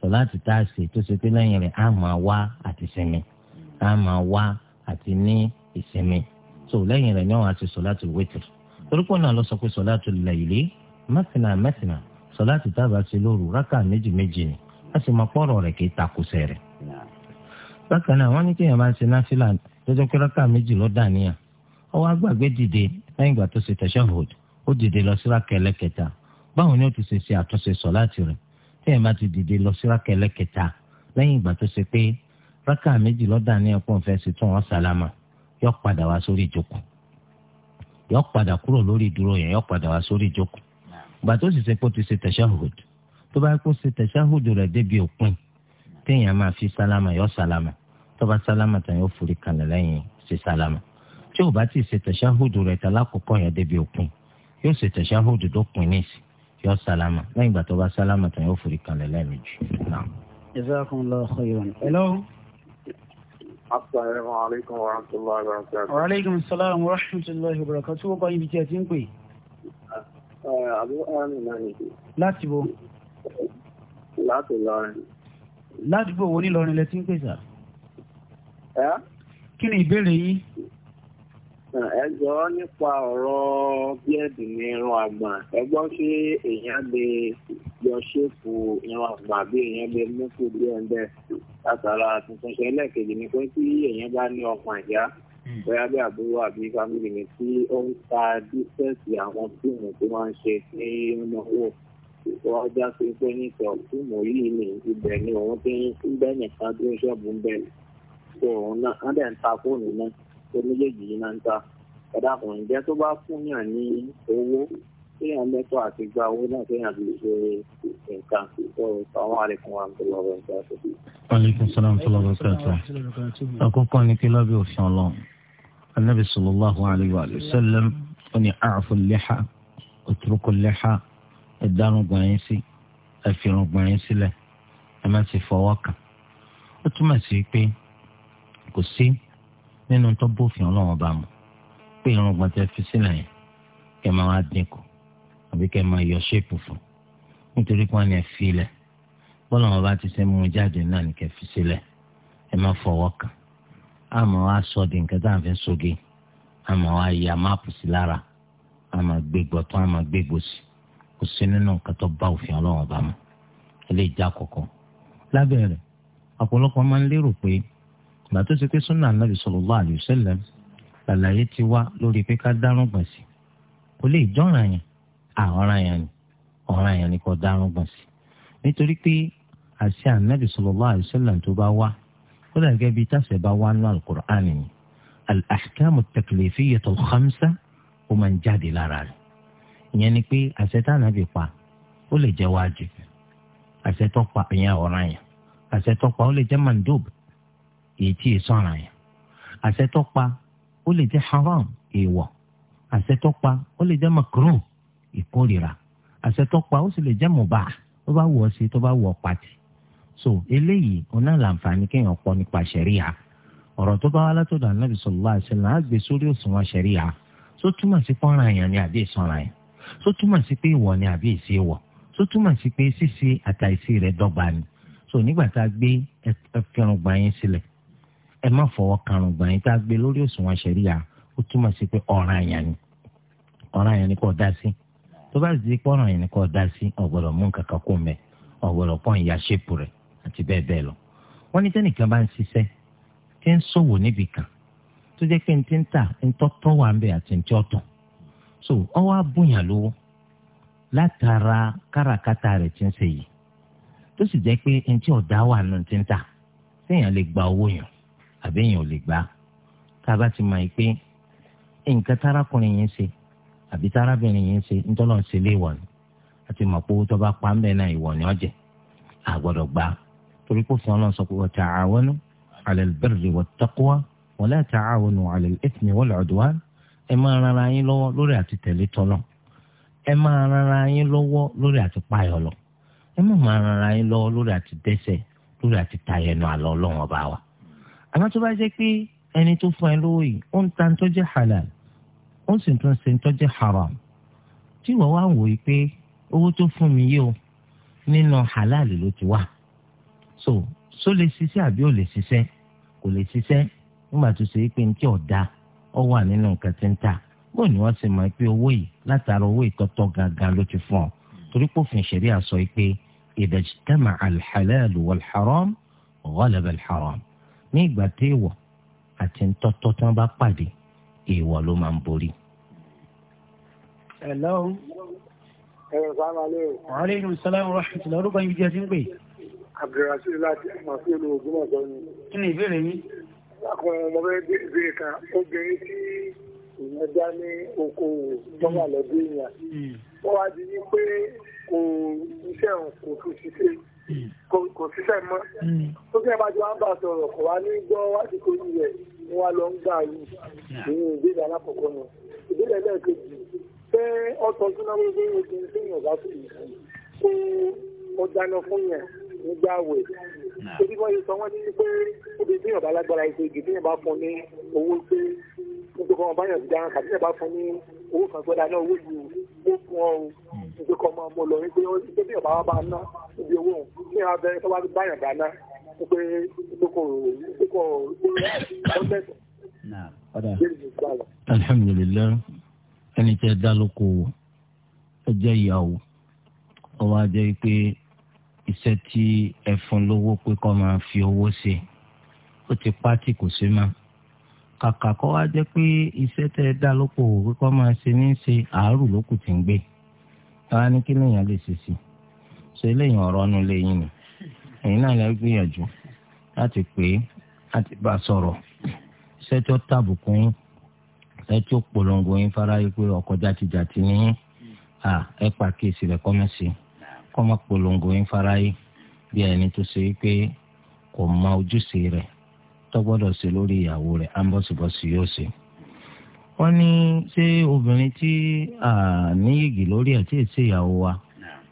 C: sọ̀látù tá a ṣe tó ṣe pé lẹ́yìn rẹ̀ á máa wá àti sinmi á máa wá àti ní ìsinmi so lẹ́yìn rẹ̀ ni wọ́n á ṣe sọ̀látù witr torí pé náà lọ sọ pé sọ̀látù layli mẹ́sìnà mẹ́sìnà sọláàtì tábà ṣe lóru rákà méjì méjì ni a sì máa pọ̀rọ̀ rẹ̀ kì í takùsẹ̀ rẹ̀. bákan náà wọ́n ní kéèyàn máa méjì ló dà níyà dìde ìgbà tó ṣe ó dìde lọ sí rákà ẹlẹ́kẹta báwo ni ó ti ṣe ṣe àtúnṣe sọláàtì dìde lọ sí rákà ẹlẹ́kẹta lẹ́yìn ìgbà tó ṣe pé rákà méjì ló dà níyà pọ̀ fẹ́ ṣe tún wọn sálámà yọ padà wá sórí ìjókòó yọ gbà tó sì ṣe pé ó ti ṣe tashahhud tó bá kó ṣe tashahhud rẹ̀ débi òpin téèyàn máa fi sálámà yọ sálámà tó bá sálámà tán yóò forí kalẹ̀ lẹ́yìn ṣe sálámà tí ò bá ti ṣe tashahhud rẹ̀ tàlákòókò yẹn débi òpin yóò ṣe tashahhud tó pin níìsì yọ sálámà lẹ́yìn ìgbà tó bá sálámà tán yóò forí kalẹ̀ lẹ́ẹ̀mejì náà.
B: jazakumullahu khairan. hello.
D: asalaamualeykum wa rahmatulahi wa barakatu. wa
B: aleykum salaam wa rahmatulahi wa barakatu. wọ́n kọ́ ibi tí a ti ń pè é.
D: Eh, láti wo. láti lọrin.
B: ládùúgbò wo ní lọrin lẹ ti ń pè sà. Eh? kí ni ìbéèrè
D: yín. Eh, ẹ jọ nípa ọ̀rọ̀ bíẹ́dì ní irun àgbà ẹ gbọ́ ṣé èèyàn lè yọ ṣéèpù irun àgbà bí èèyàn lè mú kú díẹ̀ ń bẹ̀ látara tuntun ṣe ẹlẹ́ẹ̀kejì ni pé tí èèyàn bá ní ọkàn ìyá. Hmm. bóyá bí àbúrò àbí fámìlì mi tí ó ń ta dísẹ́ǹsì àwọn fíìmù tó máa ń ṣe ní náwó ìwọ ọjà tó ń pẹ́ nìkan fíìmù yìí ní ibẹ̀ ni òun ti ń bẹ́ nìkan tó ń ṣọ́ọ̀bù ń bẹ̀rẹ̀ tó òun náà wọ́n dẹ̀ ń ta fóònù náà tó méjèèjì yìí máa ń ta ọ̀dà kan ìjẹ́ tó bá fún yàn ní owó kéèyàn lẹ́tọ̀ àti gba owó náà kéèyàn fi ṣe nǹkan ìṣòro àwọn àlékún wa tó lọ́wọ́ ìgbà tó
C: wàlẹ́kùn sọ́dọ̀ tó lọ́wọ́ sẹ́ẹ̀tọ̀ àkọ́kọ́ ni kí lọ́bì òfin ọlọ́run anabi sallallahu alayhi wa sallam ó ní àràfo lẹ́xà òtúrúkọ lẹ́xà ẹ̀dánùgbọ̀n yín sí ẹ̀fìrùngbọ̀n yín sílẹ̀ ẹ má ti fọwọ́ kàn ó túmọ̀ sí pé kò sí nínú tó bófin ọlọ́wọ́n bá mu pé irùngbọ̀n tẹ fi sílẹ̀ yẹn kẹ́ máa wá dínkù àbí kẹ́ máa yọ ṣéèpù fún nítorí pé wọ́n ní ẹ fi lẹ̀ bọ́lá wọn bá ti ṣe mú jáde náà ní kẹ́ fi sílẹ̀ ẹ má fọwọ́ kàn àmọ́ wa sọ di nǹkan tá à ń fi soge àmọ́ wa ya máàpù sí lára àmọ́ gbégbọ́ tó àmọ́ gbégbó sí kò sí nínú nǹkan tó bá òfin ọlọ́run ọba mu eléyìí já kọ̀kọ́ lábẹ́ ọ̀pọ̀lọpọ̀ máa ń lérò pé ìgbà tó ṣe pé súnà nàbì sallallahu alaihi wasallam làlàyé ti wá lórí pé ká dárúgbọ̀n sí kò lè jọ́ràn yẹn àọ̀ràn yẹn ni ọ̀ràn yẹn ni kò dárúgbọ̀n sí nítorí pé àṣẹ ànábì sallallahu alaihi wasallam tó bá wá kódà gẹ́gẹ́ bíi tàṣẹ bá wà nù alukur'an ni al-ahkamu taklifiyatu al-khamsa ó máa ń jáde lára rẹ̀ ìyẹn ni pé àṣẹ tá ànábì pa ó lè jẹ́ wájib àṣẹ tó pa ìyẹn ọ̀ràn yẹn àṣẹ tó pa ó lè jẹ́ mandub èyí tí èso ọ̀ràn yẹn àṣẹ pa ó lè jẹ́ haram èèwọ̀ àṣẹ pa ó lè jẹ́ makruh ìkórìíra àṣẹ pa ó sì lè jẹ́ mubah tó bá wọ̀ ọ́ sí tó bá wọ̀ ọ́ pàtì so eléyìí ọ̀nà làǹfààní kéèyàn pọ̀ nípa ṣẹ̀ríà ọ̀rọ̀ tó bá wá látọ̀dọ̀ anábì sallallahu alaihi wasallam á gbé sórí òṣùwọ̀n ṣẹ̀ríà tó túmọ̀ sí pọ́nrán èèyàn ni àbí ìsanra yẹn tó túmọ̀ sí pé ìwọ̀ ni àbí ìṣe wọ̀ tó túmọ̀ sí pé ṣíṣe àtàìsí rẹ̀ dọ́gba ni so nígbà tá a gbé ẹkẹrùngbà yín sílẹ̀ ẹ má fọwọ́ karùngbà yín tá a gbé lórí òṣùwọ̀n ṣẹ̀ríà ó túmọ̀ sí pé ọ̀ràn èèyàn ni kò dá sí tó bá sì di pọ́nrán èèyàn ni kò dá sí ọ̀gbọ̀dọ̀ mú nǹkan kan kó mẹ́ ọ̀gbọ̀dọ̀ pọ́n ìyá ṣépù rẹ̀ àti bẹ́ẹ̀ bẹ́ẹ̀ lọ. wọ́n ní tẹ́nìkan bá ń ṣiṣẹ́ tí ń ṣòwò níbì kan tó jẹ́ pé ti ń tà ń tọ́tọ́ wà ń bẹ̀ àti ń so ọwọ́ abúyàn lówó látara rẹ̀ ti ń ṣe yìí tó sì jẹ́ pé ọ̀dá wà nù ti ń tà séèyàn lè gba ti mọ̀ pé nǹkan tárakùnrin ṣe àbí ṣe ń ń ṣe léèwọ̀ ni àti mọ̀ pé owó tó bá pa ń bẹ̀ náà ìwọ̀ ni àgbọ̀dọ̀ gbà torí kò fún ọlọ́run sọ pé wa ta'awanu 'ala al-birri wat-taqwa wa la ta'awanu 'ala al-ithmi wal-'udwan ẹ máa rara yín lọ́wọ́ lórí àti tẹ̀lé tọ́lọ̀ ẹ máa rara yín lọ́wọ́ lórí àti páyọ̀ lọ ẹ má máa rara yín lọ́wọ́ lórí àti dẹ́ṣẹ̀ lórí àti tayẹnu àlọ́ ọlọ́run ọba wa. àmọ́ tó bá jẹ́ pé ẹni tó fún ẹ lówó yìí ó ń ta tó jẹ́ halal ó sì tún ṣe tó jẹ́ haram tí wọ́n wá wòye pé owó tó fún mi yìí o nínú halal ló ti wà so só lè ṣiṣẹ́ àbí ò lè ṣiṣẹ́ kò lè ṣiṣẹ́ nígbà tó ṣe pé nítí ọ̀dà ọ wà nínú nǹkan tí ń tà bó ni wọ́n ṣe mọ̀ pé owó yìí látara owó ìtọ́tọ́ gangan ló ti fún ọ torí pòfin ṣẹ̀rí àsọ pé ìdajítẹ́mà alḥàlẹ́lù wàlḥàrọ́m ọ̀gọ́lẹ̀bẹ̀lḥàrọ́m ní ìgbà tí ìwọ̀ àti ntọ́tọ́ tí wọ́n bá pàdé ìwọ̀ ló máa ń borí.
D: Hello. Ẹ̀rọ sábà lè.
B: Wàhálà ìlú Sálámù Rashid
D: abdulrasheed láti àmàfẹ́ olú ògbómọ̀tọ́ ni. kí ni ìbéèrè yìí. lákùnrin ọmọ bẹ́ẹ̀ béèrè kan obìnrin tí ìyẹn dá ní okòwò tó wà lọ́dún èèyàn hmm. wọ́n wá di ní pé kò iṣẹ́ òun kò tún ṣiṣẹ́ kò ṣiṣẹ́ mọ́ hmm. tó kí ẹ bá wá bá sọ̀rọ̀ kò wá ní gbọ́ wá sí kó yí rẹ̀ ni wọ́n lọ ń gbà yìí ìyẹn ìbéèrè alákọ̀ọ́kọ́ nù ìbéèrè lẹ́ẹ̀kejì pé ọ̀tọ̀ súnámọ́ gbé nígbà wẹ̀ torí wọ́n yóò sọ wọ́n ní pé ibi tí yọ̀bá lágbára ètò ìgì tí yọ̀bá fún ní owó pé nítorí ọmọ báyọ̀ ti dáhùn tàbí yọ̀bá fún ní owó kan gbọ́dá náà owó yìí ó fún ọ nítorí ọmọ ọmọ lọ ní pé ó ti tẹ́lẹ̀ yọ̀bá wa bá ná ibi owó ní abẹ́rẹ́ tó bá báyọ̀ dáná pé
C: ẹni tẹ dálóko ọjọ́ ìyàwó ọwọ́ ajẹ́ pé iṣẹ́ tí ẹ fún lówó pé fi owó ṣe ó ti pátì kò sí mọ́ kàkà kọ́ wá jẹ́ pé iṣẹ́ tẹ́ ẹ dá lóko pé kó máa ṣe ní ṣe àárò lókù tí ń gbé táwa ní kí lèèyàn lè ṣe sí ṣe ni náà lè gbìyànjú láti pè é láti bá a sọ̀rọ̀ iṣẹ́ tó tàbùkù yín iṣẹ́ tó polongo yín fara yín pé ọkọ̀ ni yín ẹ pàkíyèsí rẹ̀ kọ́mọ polongo ń faraye bia bí ẹni tó ṣe pé kò mọ ojúṣe rẹ̀ tọgbọdọ gbọ́dọ̀ lórí ìyàwó rẹ̀ ambosibosi yóò ṣe. wọ́n ní ṣé obìnrin tí ní yìgì lórí ẹ̀ tí ì ṣe wa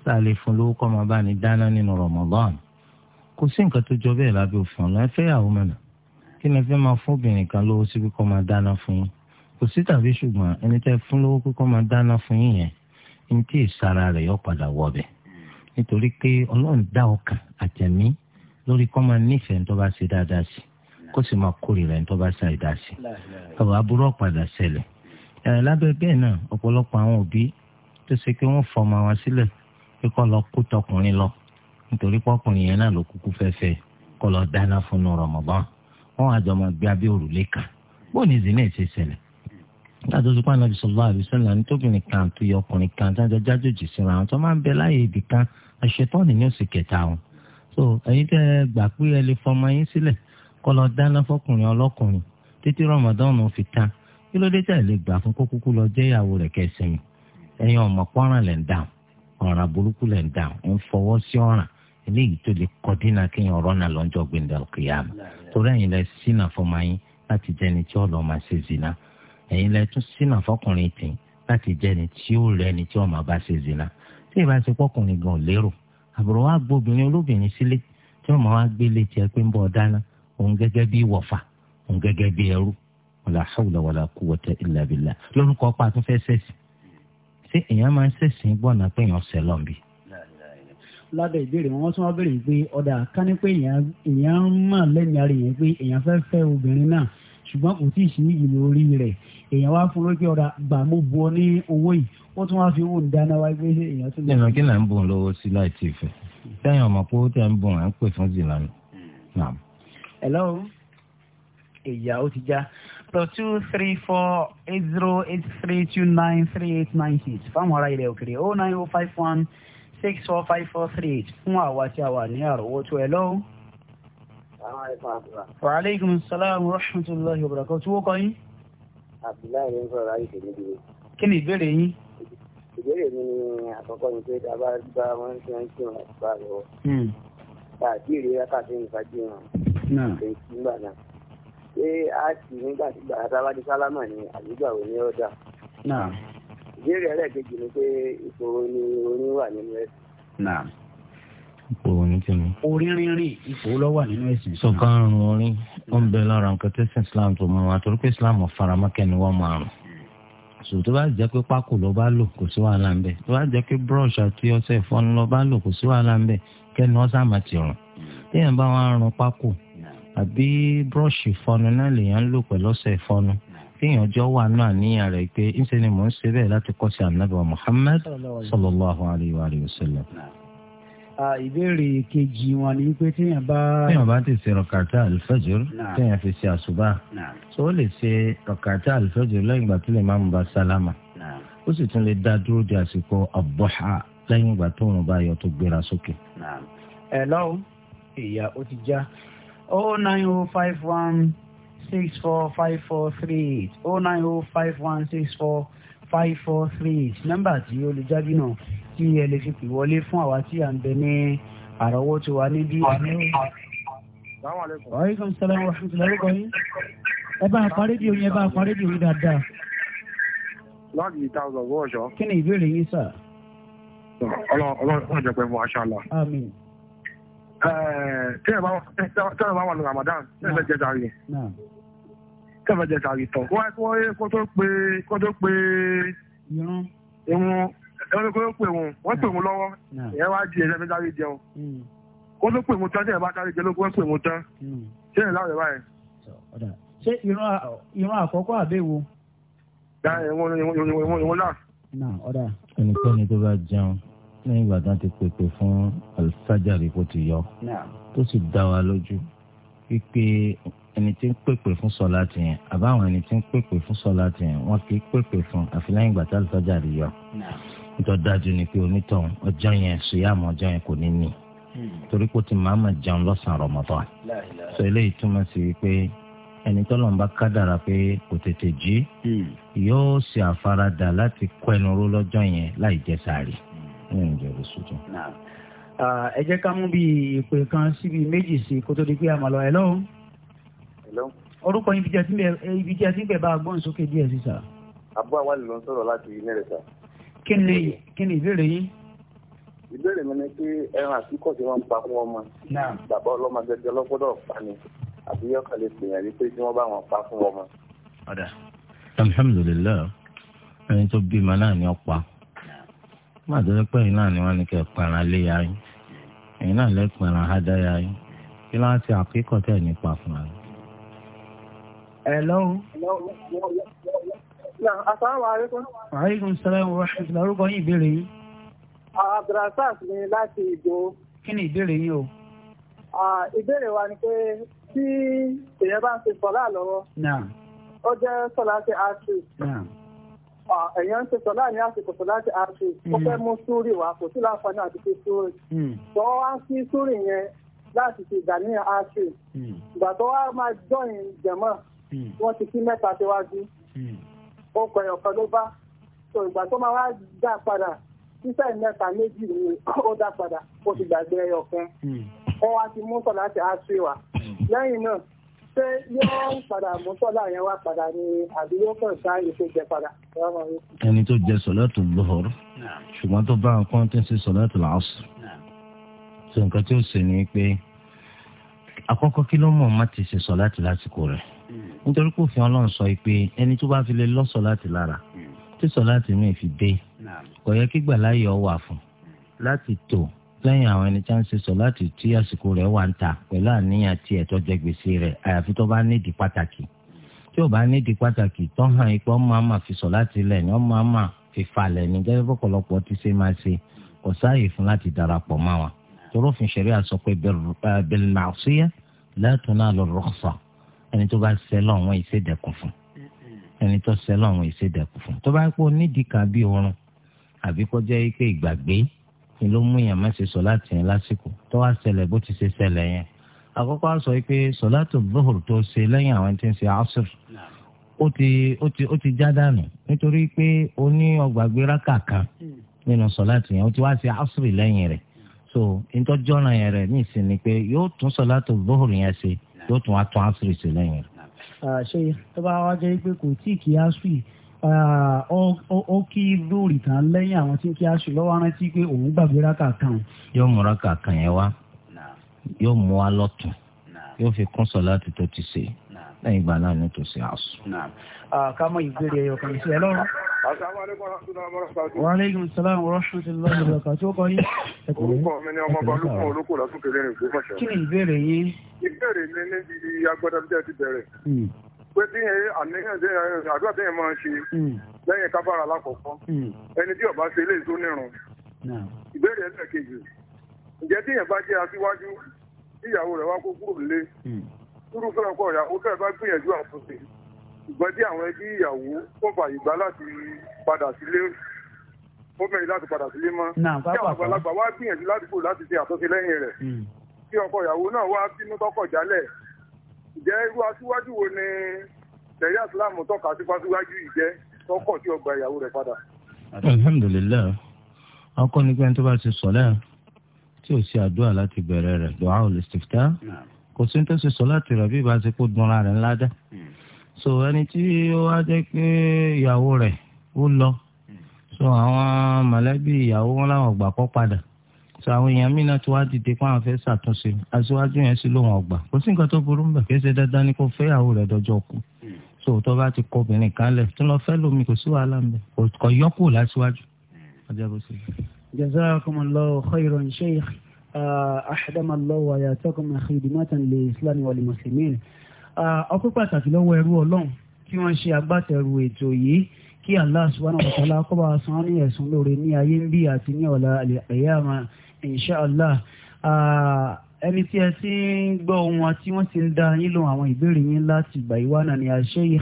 C: tá a lè fún lówó kọ́mọ ní dáná nínú Ramadan kò sí nǹkan tó jọ bẹ́ẹ̀ lábẹ́ òfin ọ̀la ẹ fẹ́ ìyàwó mẹ́ta kí ni ẹ fẹ́ máa fún obìnrin kan lówó sí kó máa dáná fún yín kò sí tàbí ṣùgbọ́n ẹni tẹ́ fún lówó máa dáná fún yín yẹn ní tí ìsara nítorí pé ọlọ́run dá ọkàn àtẹ̀mí lórí kọ́ máa nífẹ̀ẹ́ tó bá ṣe dáadáa sí kó sì máa kórìíra tó bá ṣe dáadáa sí ọ̀rọ̀ aburú ọ̀padà ṣẹlẹ̀ ẹ̀ lábẹ́ bẹ́ẹ̀ náà ọ̀pọ̀lọpọ̀ àwọn òbí tó ṣe pé wọ́n fọmọ wọn sílẹ̀ pé kọ́ lọ kó tọkùnrin lọ nítorí pọ́kùnrin yẹn náà ló kúkú fẹ́fẹ́ kọ́ lọ dáná fún un Ramadan wọ́n àjọ gbé abẹ́ òrùlé kan bóun látọ̀ a pàánà bí sọ̀rọ̀ àbísọ̀lá ní tóbìnrin kan àti ọkùnrin kan tájọ jájòjì síra àwọn tó máa ń bẹ láàyè ibì kan ní so ẹ̀yin tẹ́ gbà pé ẹ lè fọmọ yín sílẹ̀ kọ́ lọ dáná fọkùnrin ọlọ́kùnrin títí rọmọdọ́ọ̀nù fi tán kí ló dé tẹ̀ lè gbà fún kókókó lọ jẹ́ ìyàwó rẹ̀ kẹsìn ọmọ pọ́nrán lẹ̀ ń dà ọ̀ràn burúkú lẹ̀ ń dà ń fọwọ́ sí ọ̀ràn eléyìí tó ẹ̀yin lẹ tún sínà fọkùnrin tì láti jẹ́ ẹni tí ó rẹ ẹni tí ọmọ bá ṣe zina tí ìbá ṣe pọkùnrin gan lérò àbúrò wa gbóbìnrin olóbìnrin sílé tí ọmọ wa gbé lé tiẹ̀ pé ń bọ̀ dáná òun gẹ́gẹ́ bí wọ̀fà òun gẹ́gẹ́ bí ẹrú wàlá hàwùlà wàlá kúwwata illa billah lórúkọ pa tó fẹ́ sẹ́sì ṣé èèyàn máa ń sẹ́sì gbọ́nà pé èèyàn ṣẹ lọ́nbi.
B: lábẹ́ ìbéèrè wọn tún wá béèrè pé ọ̀dà ká èèyàn máa lẹ́mìí ṣùgbọ́n kò tí ì sí ìlò orí rẹ̀ èèyàn wá fún lókè ọ̀dà gbà bu ọ ní owó yìí ó tún wá fi owó ń dáná wá gbé èèyàn tún. ẹ̀rọ kí là ń
A: bùn
C: lọ́wọ́ sí láì tí ì fẹ́ sẹ́yìn ọmọ pé ó tẹ̀ ń bùn à ń pè fún zìlánì.
B: hello ìyá ó ti já two three four eight zero eight three two nine three eight nine six fáwọn ará ilẹ̀ òkèrè oh nine oh five one six four five four three eight fún àwa tí a wà ní àròwọ́tó ẹ̀ lọ́wọ́. Wa alaikum salam wa rahmatullahi wa barakatuh. Tí wó kọ yín?
A: Abdullahi ń
D: sọ̀rọ̀ ayé tèmi dìde.
B: Kí ni ìbéèrè yín?
D: Ìbéèrè mi ni àkọ́kọ́ ni pé tá a bá bá
B: wọn ṣe ń kí wọn bá lọ. Tá hmm. a kiri lákàtí nípa jí wọn. Ṣé nígbà náà? Ṣé a sì nígbà tí gbàrà tá a bá di sálámà ni àdúgbà wo ni ọ̀dà? Ìbéèrè ẹlẹ́ẹ̀kejì ni pé ìṣòro ni orin wà nínú ẹ̀sìn. Ìṣòro orínrìnrìn ipò lọ́wọ́ nínú ẹ̀sìn islam. sọ̀kan
C: àrùn orin ó ń bẹ lára nǹkan tó sin islam tó mọ wa torí pé islam faramọ́kẹ́ ni wọ́n mọ àrùn. sọ tó bá jẹ́ pé pákó ló bá lò kò sí wàhálà ń bẹ̀ tó bá jẹ́ pé brush àti ọṣẹ ìfọnu ló bá lò kò sí wàhálà ń bẹ̀ kẹ́ni wọ́n sàmà ti rùn. téèyàn bá wọn rún pákó àbí brush ìfọnu náà lèèyàn lò pẹ̀lú ọṣẹ ìfọnu kéèyàn jọ wà náà níyàn rẹ̀ pé ńṣe ni mò ń ṣe bẹ́ẹ̀ láti kọ́ sí ànábì Muhammad sallallahu alayhi wa sallam
B: ìbéèrè kejì wọn ni wípé téèyàn bá. téèyàn
C: bá ti ṣe rọ̀kàtà àlùfẹ́jọ́ téèyàn fi ṣe àṣùbà tó o lè ṣe rọ̀kàtà àlùfẹ́jọ́ lẹ́yìn ìgbà tó lè máa mú bá sálámà ó sì tún lè dá dúró di àsìkò àbọ̀hà lẹ́yìn ìgbà tó òun bá yọ tó gbéra sókè.
B: ẹ lọ́wọ́ ìyá ó ti já O oh nine oh five one six four five four three eight oh nine oh five one six four five four three eight nọ́mbà tí olùjáde tí ẹ lè fi pè wọlé fún àwa tí à ń bẹ ní àrọ́wọ́tó wa níbí. aleykum salaam wa rahmatulah lórúkọ yín ẹ bá àpá rédíò yín ẹ bá àpá rédíò yín dáadáa.
D: láti ìta ọ̀sán owó ọ̀ṣọ́. kí ni
B: ìbéèrè yín sà.
D: ọlọ́run jẹ́ pé mo aṣọ àlà. àmín. tẹ́lẹ̀ bá wà ní Ramadan tẹ́lẹ̀ jẹ́ sáré tẹ́lẹ̀ jẹ́ sáré tán wọ́n kó tó pé irun ẹni kó pè wọn wọ́n pè wọn lọ́wọ́ hmm. Hmm. ìyẹn wá di ẹ̀rẹ́ mi dárí jẹun kó hmm. tó pè wọn tán tẹ̀yẹ̀ bá dárí jẹun kó pè wọn tán ṣé ìlà báyìí. ṣé ìran àkọ́kọ́ àbẹ̀wò. dá ìwọ̀n
C: náà. ẹnikẹ́ni tó bá jẹun lẹ́yìn ìgbà tán ti pèpè fún alifájàre kó ti yọ tó sì dá wa lójú wípé ẹni tí ń pèpè fún sọlá ti yẹn àbáwọn ẹni tí ń pèpè fún sọlá ti yẹn wọn kì í pèpè fún àfi lẹ́yìn ìgbà tí alifájàre yọ nítorí dájú ni pé onítọ̀hún ọjọ́ yẹn ṣùyàmù ọjọ́ yẹn kò ní ní hmm. torí kò tí màmá jẹun lọ́sàn-án Ramadan sọ eléyìí túmọ̀ sí pé ẹni tọ́lọ̀ ń bá kádàrà pé kò tètè jí hmm. yóò ṣe àfaradà láti kọ́ ẹnu ró lọ́jọ́ yẹn láì jẹ sààrì hmm. ní ìjọba ìṣojú.
B: ẹ jẹ́ ká mú bí ìpè kan síbi méjì sí kó tó di pé àmàlọ́ ẹ̀ lọ́hùn. orúkọ ibi jẹ́ tí bẹ́ẹ̀ bá gbọ́n sókè díẹ̀ sí sà.
D: àbúrò àwa lè lọ sọ̀rọ̀ láti ilé rẹ̀ sà
B: kí ni kí ni ìbéèrè yín.
A: ìbéèrè
D: mi ni pé ẹran àtúkọ̀ tí wọ́n ń pa fún ọmọ bàbá ọlọ́mọ gẹ́gẹ́ lọ́gbọ́dọ̀ pa ni àbí yọ̀ọ̀kan lè pèèyàn ní pé kí wọ́n bá wọn pa fún ọmọ.
A: ọ̀dà alhamdulilayi
C: ẹni tó bímọ náà ni ọ pa má dé pé ẹ̀yin náà ni wọ́n ní kẹ́ pẹ̀ràn léya yín ẹ̀yin náà lẹ́ pẹ̀ràn hádáyà yín kí ló ń ti àkíkọ̀ tẹ̀ nípa fún wa.
D: ẹ lọ́wọ́. Àríkùn
B: Sàlámù Rashid lárúkọ yín ìbéèrè yín.
D: Abdulrasaq ni láti Ìgbò.
B: Kí ni ìbéèrè yín o?
D: Ìbéèrè wa ni pé tí èèyàn bá ń ṣe sọ́lá lọ́wọ́. Ó jẹ́ sọ́lá ti àṣù. Èèyàn ń ṣe sọ́lá ní àsìkò sọ́lá ti àṣù. Ó hmm. fẹ́ mú súrì wá kò sí láǹfààní àti fi súrì. Hmm. Tọ́ wá sí súrì yẹn láti fi ìgbà ní àṣù. Hmm. Ìgbà tó wá máa jọyìn jẹ̀mọ́. Wọ́n ti kí mẹ́ta síwájú ó kọ ẹ̀yọ̀kan ló bá tó ìgbà tó máa wá dá padà sísẹ́ mẹ́ta méjì ni ó dá padà ó ti gbàgbé ẹ̀yọ̀kan ó hmm. wá ti mú sọ̀lá ti aṣọ wa lẹ́yìn náà ṣé yóò padà mú sọ̀lá yẹn wá padà ni àbí yóò kàn sá èso jẹ padà.
C: ẹni tó jẹ sọ̀látù lọ́họ̀rọ̀ ṣùgbọ́n tó bá nǹkan tó ń ṣe sọ̀látù làásù tó nǹkan tó ṣe ni pé àkọ́kọ́ kí ló mọ̀ má ti ṣe sọ̀látù lásìkò rẹ̀ Hmm. nítorí kò fi ọlọ́run sọ pé ẹni tó bá fi lè lọ sọ̀láàtì lára hmm. tí sọ̀láàtì mi fi dé kò yẹ kí gbàláyè ọ wà fún hmm. láti tò lẹ́yìn àwọn ẹni tí wọ́n ń ṣe sọ̀láàtì tí àsìkò rẹ̀ wà ń ta pẹ̀lú àníyàn tí ẹ̀tọ́ jẹ gbèsè rẹ̀ àyàfi tó bá nídìí pàtàkì tí ò bá nídìí pàtàkì tó hàn ipò ọmọ àmà fi sọ̀láàtì lẹ̀ ni ọmọ àmà fi falẹ̀ ní gẹ́gẹ́ bọ́pọ̀lọpọ̀ ti ṣe máa ṣe kò sáàyè fún láti darapọ̀ mọ́ wọn. torófin ṣẹ̀ríà sọ pé bil ma'siyah la tunalu rukhsah ẹni tó bá sẹ́lọ̀ àwọn ìṣèdẹ̀kùn fún ẹni tó sẹ́lọ̀ àwọn ìṣèdẹ̀kùn fún tó bá pọ̀ nídìí kan bí oorun àbí kọjá yìí pé ìgbàgbé ni ló mú yàn má ṣe sọ láti yẹn lásìkò tó wá ṣẹlẹ̀ bó ti ṣe ṣẹlẹ̀ yẹn àkọ́kọ́ sọ pé sọ̀látò bọ́ọ̀rù tó ṣe lẹ́yìn àwọn tí ń ṣe asr ó ti ó ti ó ti já dànù nítorí pé o ní ọgbàgbé rákà kan nínú sọ̀látò yẹn o ti wá ṣe asr lẹ́yìn rẹ̀ so ìtọ́jọ́ràn yẹn rẹ̀ ní ìsinmi pé yóò tún sọ̀látò bọ́ọ̀rù yẹn ṣe yóò tún wá tún asiri sí lẹ́yìn.
B: ṣe tó bá wá jẹ́ pé kò tí kì í asiri ó kí lóòrì tán lẹ́yìn àwọn tí kì asiri lọ́wọ́ rántí pé òun gbàgbé rákà kan.
C: yóò mú rákà kan yẹn wá yóò mú wa lọ́tún yóò fi kún sọ láti tó ti ṣe lẹ́yìn ìgbà náà ní tòsí àṣù.
B: ká mọ ìbéèrè ẹyọ kan sí ẹ lọ́rùn. Wàhálẹ́gùn sálàmù rọ́ṣùn ti lọ́dọ̀ lọ́kà tó kọ́ yí. Orúkọ mi ni ọmọ Balùkún
D: olóko lọ́sùn kéré ní ìgbó fàṣẹ. Kí ni ìbéèrè yín? Ìbéèrè mi níbi agbọ́dọ̀ bí ẹ ti bẹ̀rẹ̀. Hmm. Pé bí àníyàn jẹ́ àdúrà bẹ́ẹ̀ máa ń ṣe hmm. lẹ́yìn kábàrà lákọ̀ọ́kọ́. Hmm. Ẹni tí ọba ṣe ilé ìtó nírun. Ìbéèrè ẹlẹ́ẹ̀kejì. Ǹjẹ́ tí èèyàn bá jẹ́ aṣíwájú ìyàwó rẹ̀ wá kó kúrò lé hmm. kúrò fẹ́ràn kọ́ ìyàwó fẹ́ràn bá gbìyànjú àtúnṣe ṣùgbọ́n bí àwọn ẹbí ìyàwó kò fààyè gbà láti padà sílé ó mẹ́rin láti padà sílé mọ́ kí àwọn àgbàlagbà wá gbìyànjú ládùúgbò láti ṣe àtúnṣe lẹ́yìn rẹ̀ kí hmm. ọkọ ìyàwó náà wá bínú tọkọ jálẹ̀ ìjẹ́ irú aṣíwájú wo ni tẹ̀yà islam tọ́ka sí fásiwájú ìjẹ́ tọkọ tí ọgbà ìyàwó rẹ̀ padà.
C: alhamdulilayi ọkọ nígbà tó bá ti sọ lẹ́yìn tí ò sí àdúrà láti bẹ̀rẹ̀ rẹ̀ dùá ò lè ṣèfìtá kò sí tó ṣe sọ láti rẹ̀ bí ìbáṣe kó dunra rẹ̀ ńlá dá hmm. so ẹni tí ó wá jẹ́ pé ìyàwó rẹ̀ ó lọ so àwọn mọ̀lẹ́bí ìyàwó wọn làwọn ọgbà kọ́ padà so àwọn èèyàn mí náà tí wàá dìde pé àwọn fẹ́ ṣàtúnṣe aṣíwájú yẹn sí lóun ọgbà kò sí nǹkan tó burú mbẹ̀ kí ṣe dandan ni kò fẹ́ ìyàwó rẹ̀ dọjọ́ kú hmm. so tó bá ti kọ obìnrin kan lẹ̀ tó lọ fẹ́ lómi kò sí wàhálà mbẹ̀ kò yọkù láṣíwájú hmm. ọjọ́ bó ṣe.
B: جزاكم الله خيرا شيخ أحدم الله وياتكم خدمة للإسلام والمسلمين ọpẹ́ pàtàkì lọ́wọ́ ẹrú ọlọ́run tí wọ́n ṣe agbátẹrù ètò yìí kí Allah subhanahu wa ta'ala kó bá san ní ẹ̀sùn lóore ní ayé ń bí àti ní ọ̀la àlẹ́yàmà insha Allah uh, ẹni tí ẹ ti ń gbọ́ ohun àti wọ́n ti ń da yín lóhun àwọn ìbéèrè yín láti gbà ìwánà ni àṣeyìí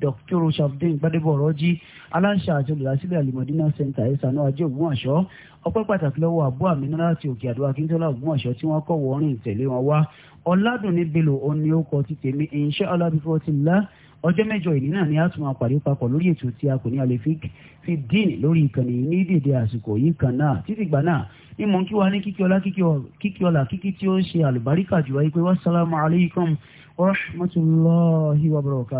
B: dr shabdin gbadebo ọrọjí aláṣà àti olùdásílẹ̀ alimọdínà center ẹsànú ajé ògbómọ̀ṣọ́ ọpẹ́ pàtàkì lọ́wọ́ àbú àmínà láti òkè àdó akíntola ògbómọ̀ṣọ́ tí wọ́n kọ wọrin ìtẹ̀lé wọn wá ọládùnní bello òní ó kọ ti tèmi insha allah bífọ ti lá ọjọ́ mẹ́jọ ìní náà ni a tún máa pàdé papọ̀ lórí ètò tí a kò ní alẹ́ fi dín lórí ìkànnì yìí ní dèdè àsìkò yìí kan náà títí gbà náà ní mò ń kí wa ní kíkí ọlá kíkí tí ó ń ṣe àlùbáríkà jù wáyé pé wàsálàmù alaykum wa rahmatulahi wa barakatu.